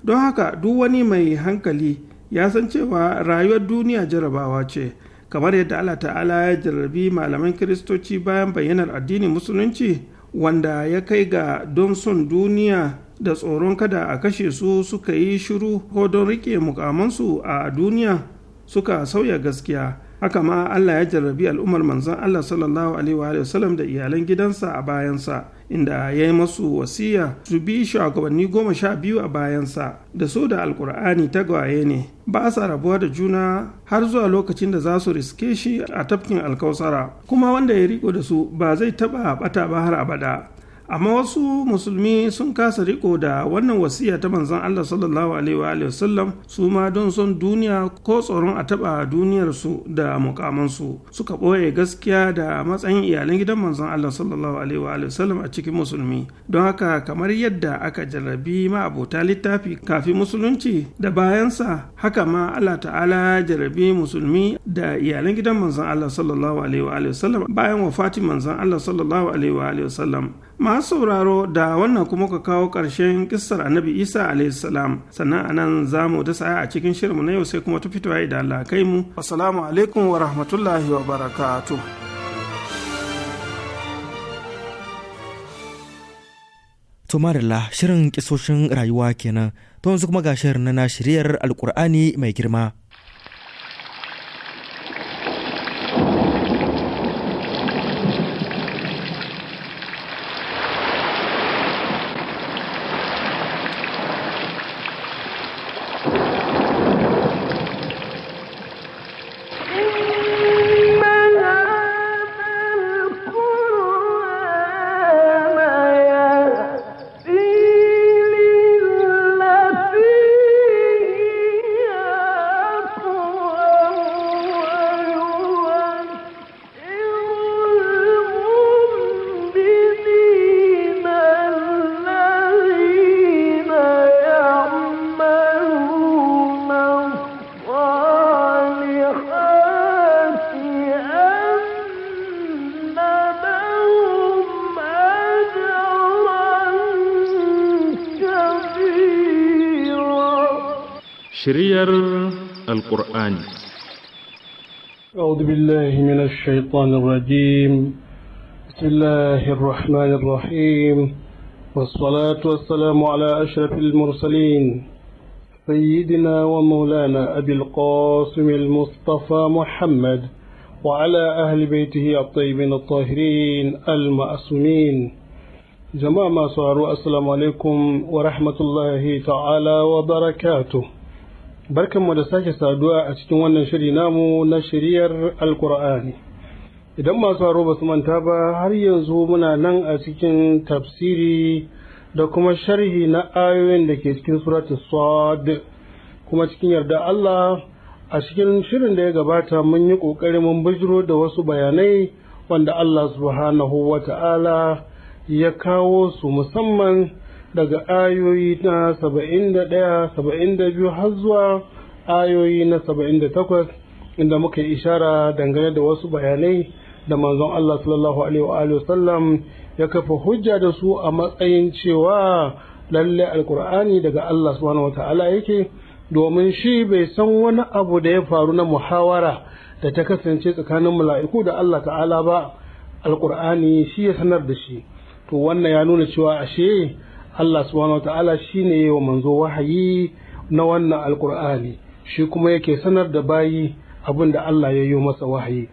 don haka duk wani mai hankali ya san cewa rayuwar duniya jarabawa ce kamar yadda Allah ta'ala ya jarrabi malaman kiristoci bayan bayyanar addinin musulunci wanda ya kai ga don son duniya da tsoron kada a kashe su suka yi shiru ko don rike mukamansu a duniya suka sauya gaskiya haka ma Allah ya jarrabi al'ummar manzon Allah sallallahu alaihi wa sallam da iyalan gidansa a bayansa inda ya yi masu wasiya su bi shugabanni goma sha biyu a bayansa da su da alkur'ani ta gwaye ne ba sa rabuwa da juna har zuwa lokacin da za su riske shi a tafkin alkausara kuma wanda ya riko da su ba zai taba bata ba har abada amma wasu musulmi sun kasa riko da wannan wasiya ta manzan Allah sallallahu alaihi wa sallam su ma don son duniya ko tsoron a taba duniyarsu da mukamansu suka ɓoye gaskiya da matsayin iyalan gidan manzan Allah sallallahu alaihi wa sallam a cikin musulmi don haka kamar yadda aka jarrabi abota littafi kafin musulunci da bayansa haka ma Allah ta'ala jarrabi musulmi da iyalan gidan manzan Allah sallallahu alaihi wa sallam bayan wafatin manzan Allah sallallahu alaihi wa sallam masu sauraro da wannan kuma ka kawo ƙarshen kissar annabi isa alaihissalam sannan anan nan za mu da a cikin shirinmu na yau sai kuma ta fitowa idan Allah kai mu assalamu alaikum wa rahmatullahi wa barakatu. to shirin kisoshin rayuwa kenan to yanzu kuma ga shirin na shiryar alkur'ani mai girma شرير القرآن أعوذ بالله من الشيطان الرجيم بسم الله الرحمن الرحيم والصلاة والسلام على أشرف المرسلين سيدنا ومولانا أبي القاسم المصطفى محمد وعلى أهل بيته الطيبين الطاهرين المأسومين جماعة ما السلام عليكم ورحمة الله تعالى وبركاته mu da sake saduwa a cikin wannan shiri namu na shiriyar alkur'ani idan masu haro ba su manta ba har yanzu muna nan a cikin tafsiri da kuma sharhi na ayoyin da ke cikin suratul sad kuma cikin yarda Allah a cikin shirin da ya gabata mun yi ƙoƙari mun bijiro da wasu bayanai wanda Allah subhanahu wa ta'ala ya kawo su musamman daga ayoyi na saba'in da ɗaya saba'in da biyu har zuwa ayoyi na saba'in da takwas inda muka yi ishara dangane da wasu bayanai da manzon Allah sallallahu alaihi wa wasallam ya kafa hujja da su a matsayin cewa lalle alkur'ani daga Allah subhanahu wata'ala yake domin shi bai san wani abu da ya faru na muhawara da ta kasance tsakanin mala'iku da Allah ta'ala ba alkur'ani shi ya sanar da shi to wannan ya nuna cewa ashe Allah subhanahu ta'ala ne yi wa manzo wahayi na wannan alkur'ani shi kuma yake sanar da bayi abin da Allah ya yi masa wahayi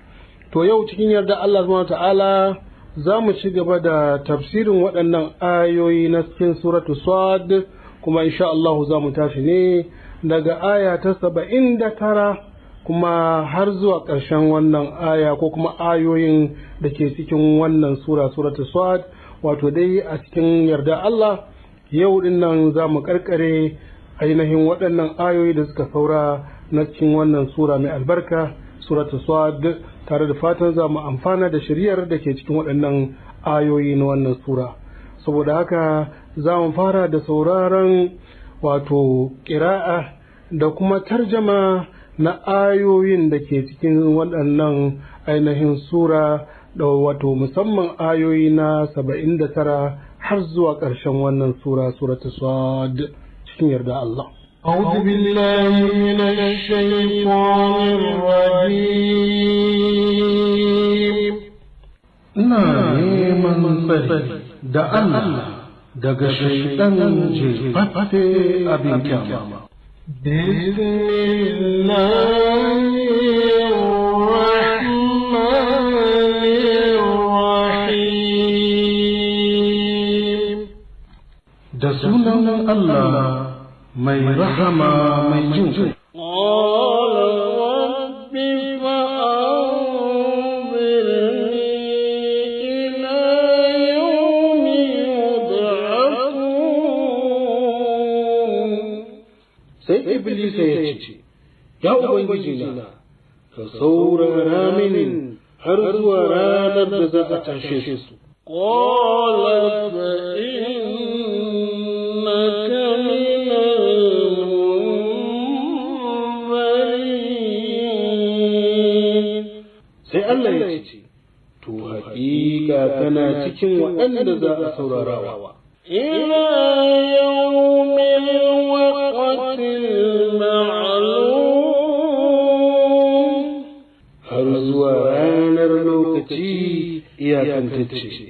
to yau cikin yarda Allah subhanahu ta'ala za mu ci gaba da tafsirin waɗannan ayoyi na cikin suratu sad kuma insha Allah za mu tafi ne daga aya ta saba'in da tara kuma har zuwa ƙarshen wannan aya ko kuma ayoyin da ke cikin wannan sura suratu sad wato dai a cikin yarda Allah yau din nan za mu karkare ainihin waɗannan ayoyi da suka saura na cikin wannan sura mai albarka suratu swad tare da fatan za mu amfana da shiryar da ke cikin waɗannan ayoyi na wannan sura saboda haka za mu fara da sauraron wato ƙira'a da kuma tarjama na ayoyin da ke cikin waɗannan ainihin sura da wato musamman ayoyi na saba'in da tara har zuwa ƙarshen wannan sura suratu sad cikin yarda Allah أعوذ بالله من الشيطان الرجيم ina neman tsari da Allah daga shaidan jefafe abin kyama. Bismillah جسم الله مي رحمة مي جوز قال رب فأنظرني إلى يوم يبعثون سيد إبليس يا أبو جينا فصور رامن أرض ورانا قال فإن Allah ya ce, To haƙiƙa cikin waɗanda za a saurarawa. Ina yau mai waƙatin ma'alum. Har zuwa ranar lokaci iyakantacce.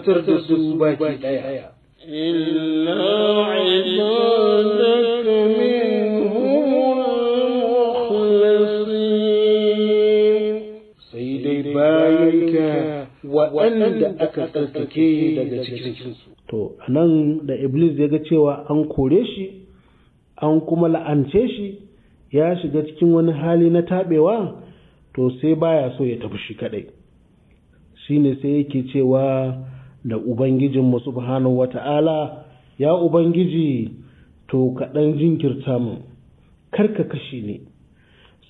tabbatar da su baki daya illa ibadaka sai dai waɗanda aka tsarkake daga cikin to anan da iblis ya ga cewa an kore shi an kuma la'ance shi ya shiga cikin wani hali na taɓewa to sai baya so ya tafi shi kaɗai shine sai yake cewa da Ubangijinmu subhanahu wa ta'ala, ya Ubangiji to kaɗan jinkirta mu, karka kashi ne,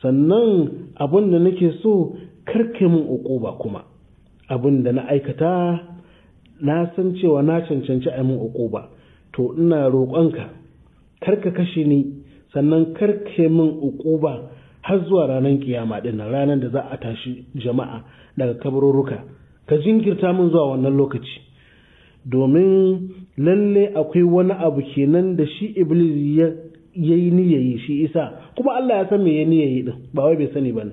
sannan abin da nake so karka min uquba kuma, abin da na aikata na san cewa na cancanci a min uquba, to ina roƙonka karka kashi ne, sannan karka min uquba har zuwa ranar kiyama ɗin ranar da za a tashi jama'a daga kabarurruka. ka jinkirta min zuwa wannan lokaci domin lalle akwai wani abu kenan da shi iblis ya yi niyayi shi isa kuma Allah ya san me ya niyayi din ba wai bai sani ne.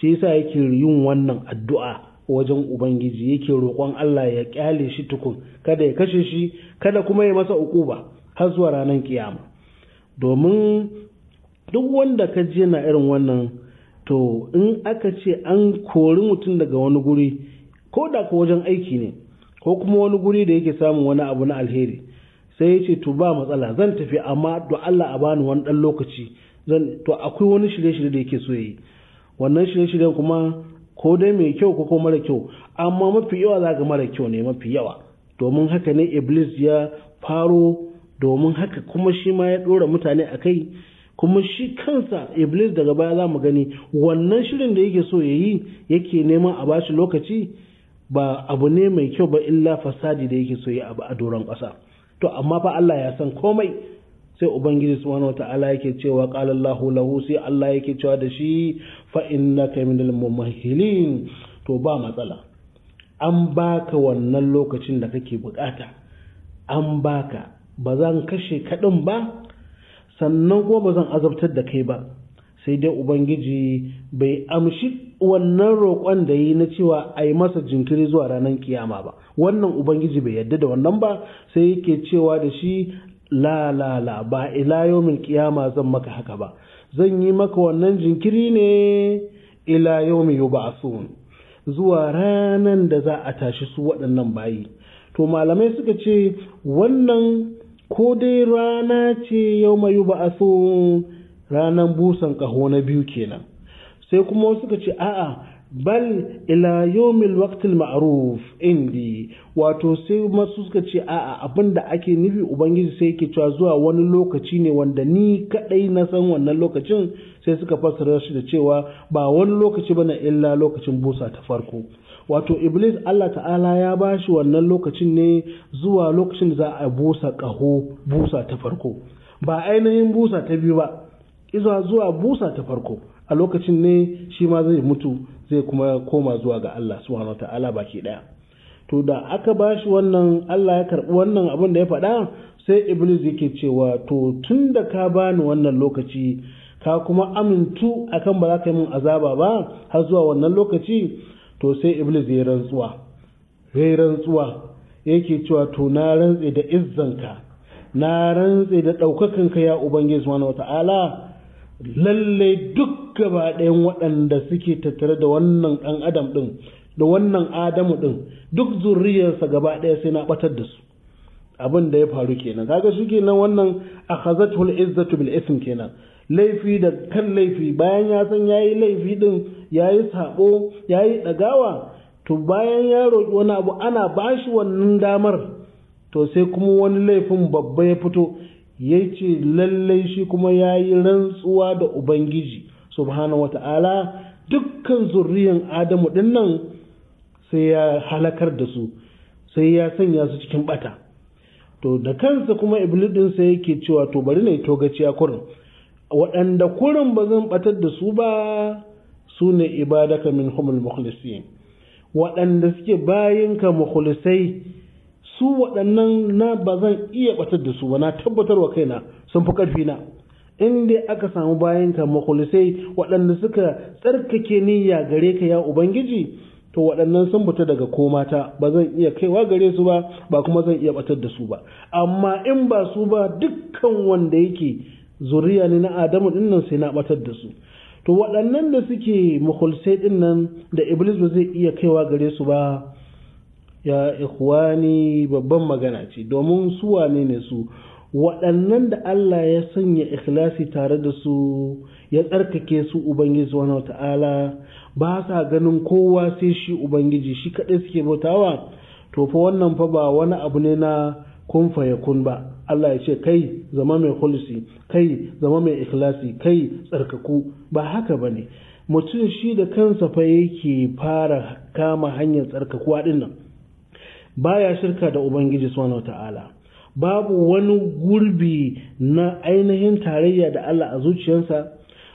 shi isa yake yin wannan addu'a wajen ubangiji yake roƙon Allah ya kyale shi tukun kada ya kashe shi kada kuma ya masa uquba har zuwa ranar kiyama domin duk wanda ka je na irin wannan to in aka ce an kori mutum daga wani guri ko da ko wajen aiki ne ko kuma wani guri da yake samun wani abu na alheri sai ya ce to ba matsala zan tafi amma to Allah a bani wani dan lokaci zan to akwai wani shirye-shirye da yake so yi wannan shirye-shiryen kuma ko dai mai kyau ko ko mara kyau amma mafi yawa za mara kyau ne mafi yawa domin haka ne iblis ya faro domin haka kuma shi ma ya dora mutane a kai kuma shi kansa iblis daga baya za mu gani wannan shirin da yake so ya yi yake neman a bashi lokaci ba abu ne mai kyau ba illa fasadi da yake so yi abu a doron ƙasa to amma fa Allah ya san komai sai ubangiji subhanahu wata'ala yake cewa qala Allahu lahu sai Allah yake cewa da shi fa innaka minal mumahilin to ba matsala an baka wannan lokacin da kake bukata an baka ba zan kashe kaɗin ba sannan kuma ba zan azabtar da kai ba sai dai ubangiji bai amshi wannan roƙon da yi na cewa a yi masa jinkiri zuwa ranar kiyama ba wannan ubangiji bai yadda da wannan ba sai yake cewa da shi la la la ba ila yomin kiyama zan maka haka ba zan yi maka wannan jinkiri ne ila yomi so zuwa ranan da za a tashi su waɗannan bayi to malamai suka ce wannan ko dai rana ce yau mai so. ranar busan kaho na biyu kenan sai kuma suka ce a'a bal ila yomil waqtil ma'ruf indi wato sai masu suka ce a'a abinda ake nufi ubangiji sai yake cewa zuwa wani lokaci ne wanda ni kadai na san wannan lokacin sai suka fassara shi da cewa ba wani lokaci bane illa lokacin busa ta farko wato iblis Allah ta'ala ya bashi wannan lokacin ne zuwa lokacin da za a busa kaho busa ta farko ba ainihin busa ta biyu ba izuwa zuwa busa ta farko a lokacin ne shi ma zai mutu zai kuma koma zuwa ga Allah subhanahu ta'ala baki daya to da aka bashi wannan Allah ya karbi wannan abin da ya faɗa sai iblis yake cewa to tun da ka bani wannan lokaci ka kuma amintu akan ba za ka yi min azaba ba har zuwa wannan lokaci to sai iblis ya rantsuwa ya rantsuwa yake cewa to na rantse da izzanka na rantse da ɗaukakanka ya ubangiji subhanahu wata'ala Lallai duk gaba ɗayan waɗanda suke tattare da wannan ɗan adam ɗin da wannan adamu ɗin duk zurriyarsa gaba ɗaya sai na ɓatar da su abin da ya faru kenan kaga shi kenan wannan a akhazatul izzatu bil ism kenan laifi da kan laifi bayan ya san yayi laifi din yayi sabo yayi dagawa to bayan ya roki wani abu ana bashi wannan damar to sai kuma wani laifin babba ya fito ya ce lallai shi kuma ya yi rantsuwa da ubangiji subhanahu ta'ala dukkan zurriyan adamu din nan sai ya halakar da su sai ya sanya su cikin bata to da kansa kuma iblis din sai yake cewa to bari na yi a kurin waɗanda kurin ba zan batar da su ba su ne ibadaka min humul mukhlisin waɗanda suke bayinka mukhlisai su waɗannan na ba zan iya batar da su ba na tabbatar wa kaina sun fi ƙarfi na in dai aka samu bayan ka makulisai waɗanda suka tsarkake niyya gare ka ya ubangiji to waɗannan sun fita daga komata ba zan iya kaiwa gare su ba ba kuma zan iya batar da su ba amma in ba su ba dukkan wanda yake zuriya ne na adamu dinnan sai na batar da su to waɗannan da suke makulisai dinnan da iblis ba zai iya kaiwa gare su ba ya ikhwani babban magana ce domin su wane ne su waɗannan da Allah ya sanya ikhlasi tare da su ya tsarkake su Ubangiji subhanahu ta'ala ba sa ganin kowa sai shi Ubangiji shi kaɗai suke bautawa to fa wannan fa ba wani abu ne na kun kun ba Allah ya ce kai zama mai khulusi kai zama mai ikhlasi kai tsarkaku ba haka ba ne mutum shi da kansa fa yake fara kama hanyar tsarkakuwa ɗin nan baya shirka da ubangiji subhanahu ta'ala babu wani gurbi na ainihin tarayya da Allah a zuciyarsa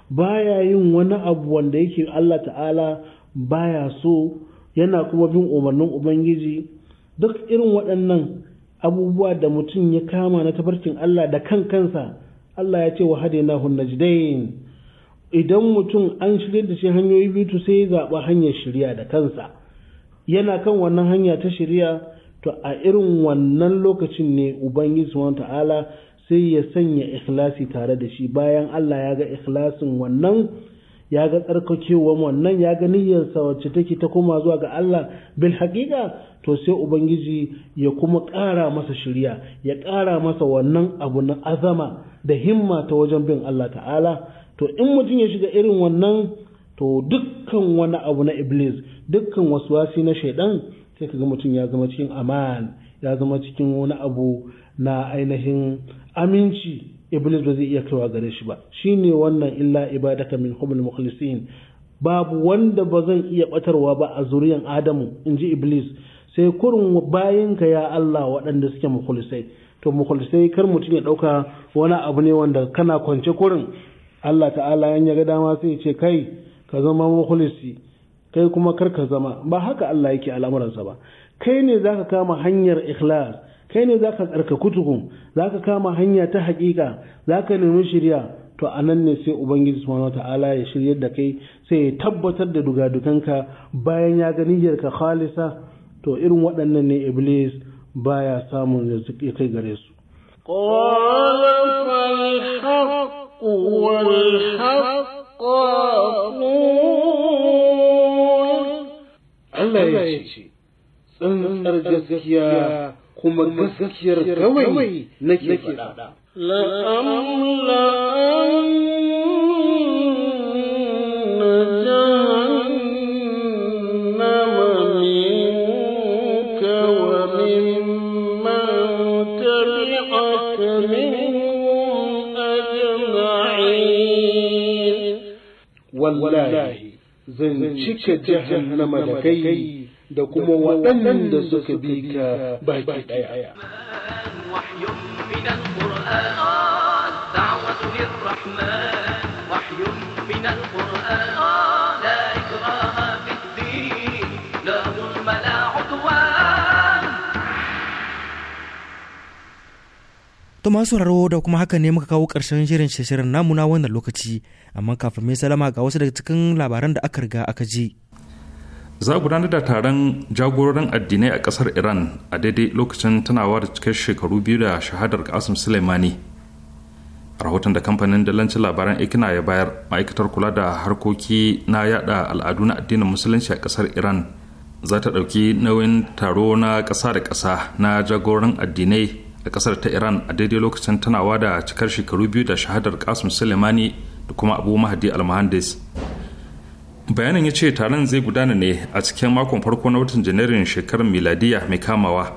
baya yin wani abu wanda yake Allah ta'ala baya so yana kuma bin umarnin ubangiji duk irin waɗannan abubuwa da mutum ya kama na tabarcin Allah da kan kansa Allah ya ce wa hunna najdain idan mutum an shirya da shi hanyoyi biyu sai ya zaɓa hanyar shirya da kansa yana kan wannan hanya ta shirya to a irin wannan lokacin ne ubangiji subhanahu ta'ala sai ya sanya ikhlasi tare da shi bayan Allah ya ga ikhlasin wannan ya ga tsarkakewan wannan ya ga niyyarsa wacce take ta koma zuwa ga Allah bil haƙiƙa to sai ubangiji ya kuma ƙara masa shirya ya ƙara masa wannan abu na azama da himma ta wajen bin Allah ta'ala to in mutum ya shiga irin wannan to dukkan wani abu na iblis dukkan wasu wasi na shaidan sai ka ga mutum ya zama cikin aman ya zama cikin wani abu na ainihin aminci iblis ba zai iya kaiwa gare shi ba shine wannan illa ibadaka min humul mukhlisin babu wanda ba zan iya batarwa ba a zuriyan adamu in ji iblis sai kurin bayinka ya allah waɗanda suke mukhlisai to mukhlisai kar mutum ya ɗauka wani abu ne wanda kana kwance kurin allah ta'ala in ya ga dama sai ya ce kai ka zama mukhlisi kai kuma kar ka zama ba haka Allah yake al'amuransa ba kai ne ka kama hanyar ikhlas kai ne zaka tsarka kutukun zaka kama hanya ta haƙiƙa zaka nemi shirya to a nan ne sai ubangiji subhanahu ta'ala ya shiryar da kai sai ya tabbatar da dugadukanka bayan ya ga niyyarka khalisa to irin waɗannan ne iblis baya samun ya kai gare su قال فالحق والحق Allah ya ce, tsantsar gaskiya kuma gaskiyar kawai nake faɗa. La'amla والله زن جهنم دكي دكم وأنن دسك بيك باكي وحي من القرآن دعوة للرحمن وحي من القرآن masu sauraro da kuma haka ne muka kawo ƙarshen shirin shirin namu na wannan lokaci amma kafin mai salama ga wasu daga cikin labaran da aka riga aka ji. za gudanar da taron jagororin addinai a kasar iran a daidai lokacin tunawa da cikin shekaru biyu da shahadar kasim suleimani rahoton da kamfanin dalancin labaran ikina ya bayar ma'aikatar kula da harkoki na yada al'adu na addinin musulunci a kasar iran za ta ɗauki nauyin taro na ƙasa da ƙasa na jagororin addinai da kasar ta iran a daidai lokacin tanawa da cikar shekaru biyu da shahadar kasim sulemani da kuma abu mahadi almahandis bayanin ya ce taron zai gudana ne a cikin makon farko na watan janairun shekarar miladiya mai kamawa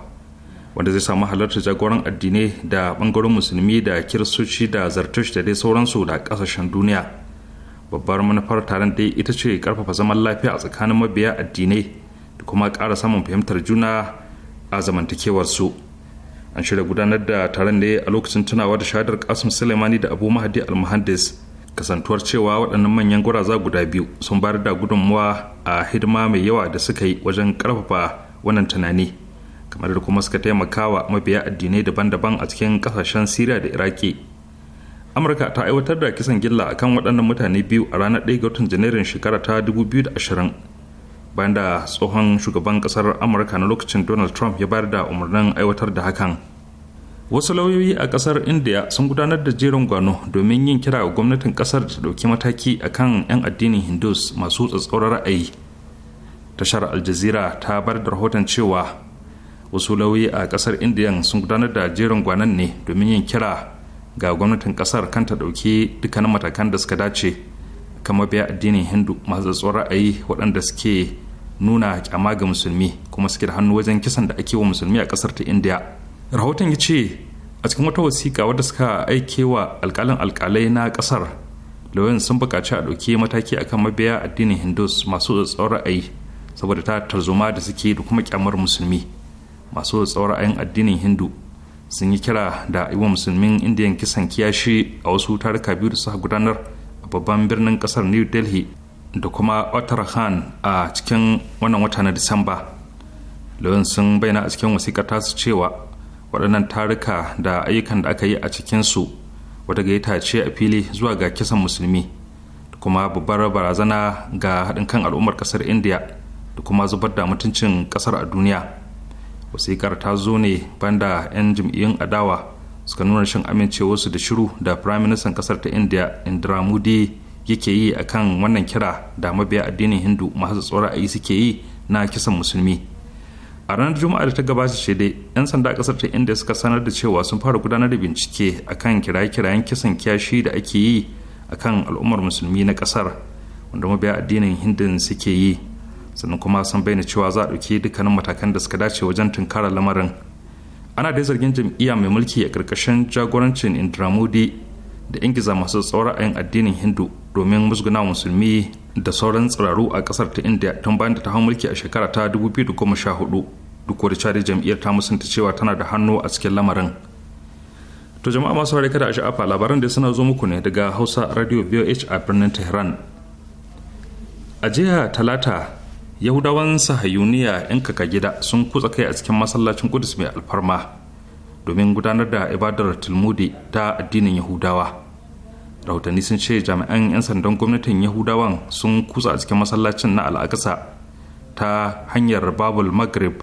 wanda zai samu halartar jagoran addinai da bangaren musulmi da kiristoci da zartush da dai sauransu da kasashen duniya babbar manufar taron dai ita ce karfafa zaman lafiya a tsakanin mabiya addinai da kuma kara samun fahimtar juna a zamantakewarsu an shirya gudanar da taron ne a lokacin tunawa da shadar kasim sulaimani da abu mahadi almuhandis kasantuwar cewa waɗannan manyan gwaraza guda biyu sun bayar da gudunmuwa a hidima mai yawa da suka yi wajen karfafa wannan tunani kamar da kuma suka taimaka wa mabiya addinai daban-daban a cikin ƙasashen siriya da iraki amurka ta aiwatar da kisan gilla akan waɗannan mutane biyu a ranar 1 ga watan janairun shekara ta 2020 bayan da tsohon shugaban kasar amurka na lokacin donald trump ya bayar da umarnin aiwatar da hakan wasu lauyoyi a kasar india sun gudanar da jerin gwano domin yin kira ga gwamnatin kasar ta dauki mataki a kan 'yan addinin hindus masu tsatsauran ra'ayi tashar aljazira ta bar da rahoton cewa wasu lauyoyi a kasar india sun gudanar da jerin gwanon ne domin yin kira ga gwamnatin kasar kan ta dauki dukkanin matakan da suka dace kama biya addinin hindu masu tsatsauran ra'ayi waɗanda suke nuna kyama ga musulmi kuma suke da hannu wajen kisan da ake wa musulmi a kasar ta indiya rahoton ya ce a cikin wata wasiƙa wadda suka aike wa alƙalin alƙalai na ƙasar lauyan sun buƙaci a ɗauki mataki akan mabiya addinin hindus masu tsatsauran ra'ayi saboda ta tarzoma da suke da kuma kyamar musulmi masu tsatsauran ra'ayin addinin hindu sun yi kira da iwa musulmin indiyan kisan kiyashi a wasu taruka biyu da suka gudanar a babban birnin kasar new delhi da kuma Otterhan a cikin wannan wata na Disamba. Lewin sun bayyana a cikin wasiƙar tasu cewa waɗannan tarika da ayyukan da aka yi a cikinsu wata gaita ce a fili zuwa ga kisan musulmi da kuma babbar barazana ga haɗin kan al'ummar ƙasar indiya da kuma zubar da mutuncin ƙasar a duniya. wasikar ta zo ne banda 'yan jam'iyyun adawa suka nuna shan amincewarsu da shiru da firaministan ƙasar ta indiya Indira Modi yake yi a kan wannan kira da mabiya addinin hindu masu tsoron ra'ayi suke yi na kisan musulmi a ranar juma'a da ta gabata ce dai yan sanda kasar ta inda suka sanar da cewa sun fara gudanar da bincike akan kiraye-kirayen kisan kiyashi da ake yi akan al'ummar musulmi na kasar wanda mabiya addinin hindu suke yi sannan kuma sun bayyana cewa za a ɗauki dukkanin matakan da suka dace wajen tunkarar lamarin ana dai zargin jam'iyya mai mulki a ƙarƙashin jagorancin indramudi da 'yan giza masu tsauraran addinin hindu domin musguna musulmi da sauran tsiraru a kasar ta india tun bayan da ta hau mulki a shekara ta 2014 duk wadda cari jam'iyyar ta musanta cewa tana da hannu a cikin lamarin to jama'a masu kada a sha'afa labaran da suna zo muku ne daga hausa radio voh a birnin tehran a jiya talata yahudawan sahayuniya 'yan kaka gida sun kutsa kai a cikin masallacin kudus mai alfarma domin gudanar da ibadar tilmudi ta addinin yahudawa rahotanni sun ce jami'an 'yan sandan gwamnatin yahudawan sun kusa a cikin masallacin na al'akasa ta hanyar babul maghrib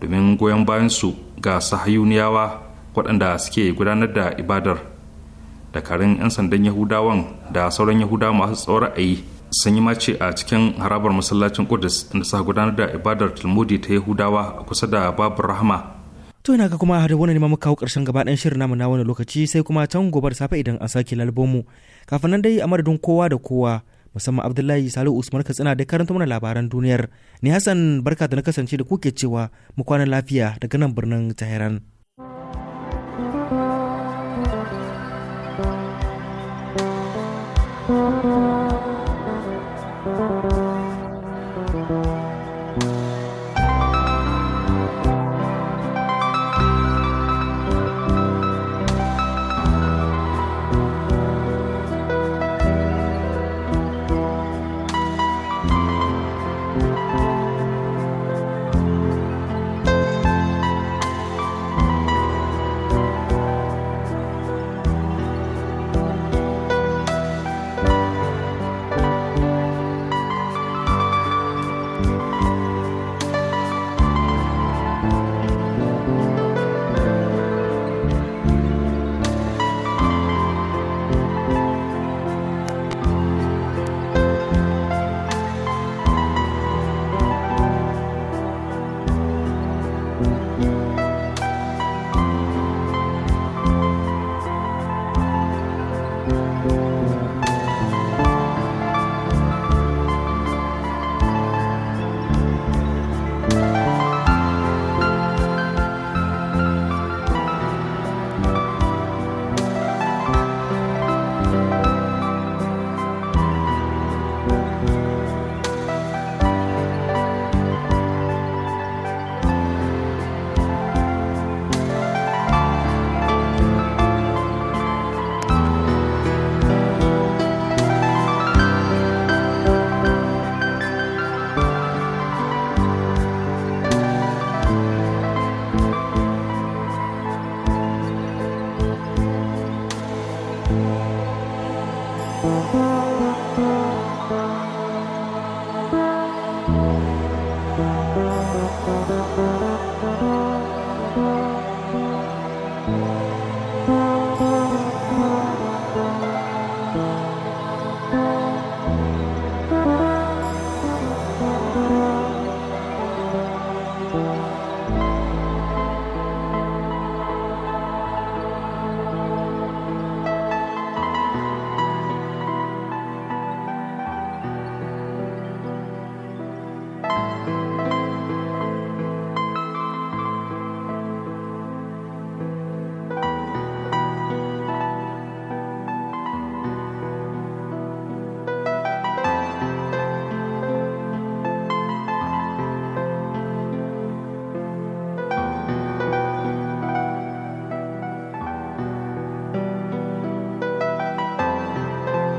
domin goyon bayan su ga sahayuniyawa waɗanda suke gudanar da ibadar dakarun 'yan sandan yahudawan da sauran yahudawa masu tsawon ra'ayi sun yi mace a cikin harabar masallacin kudus inda suka gudanar da ibadar tilmudi ta yahudawa a kusa da babur rahama To ina ga kuma hada wani muka kawo karshen gaba ɗayan shirin namu na wani lokaci sai kuma can gobe da safe idan an sake mu Kafin nan dai a madadin kowa da kowa musamman Abdullahi Salihu Usman Katsina da karanta mana labaran duniyar. Ni Hassan barka da na kasance da kuke cewa mu kwana lafiya daga nan birnin Tehran.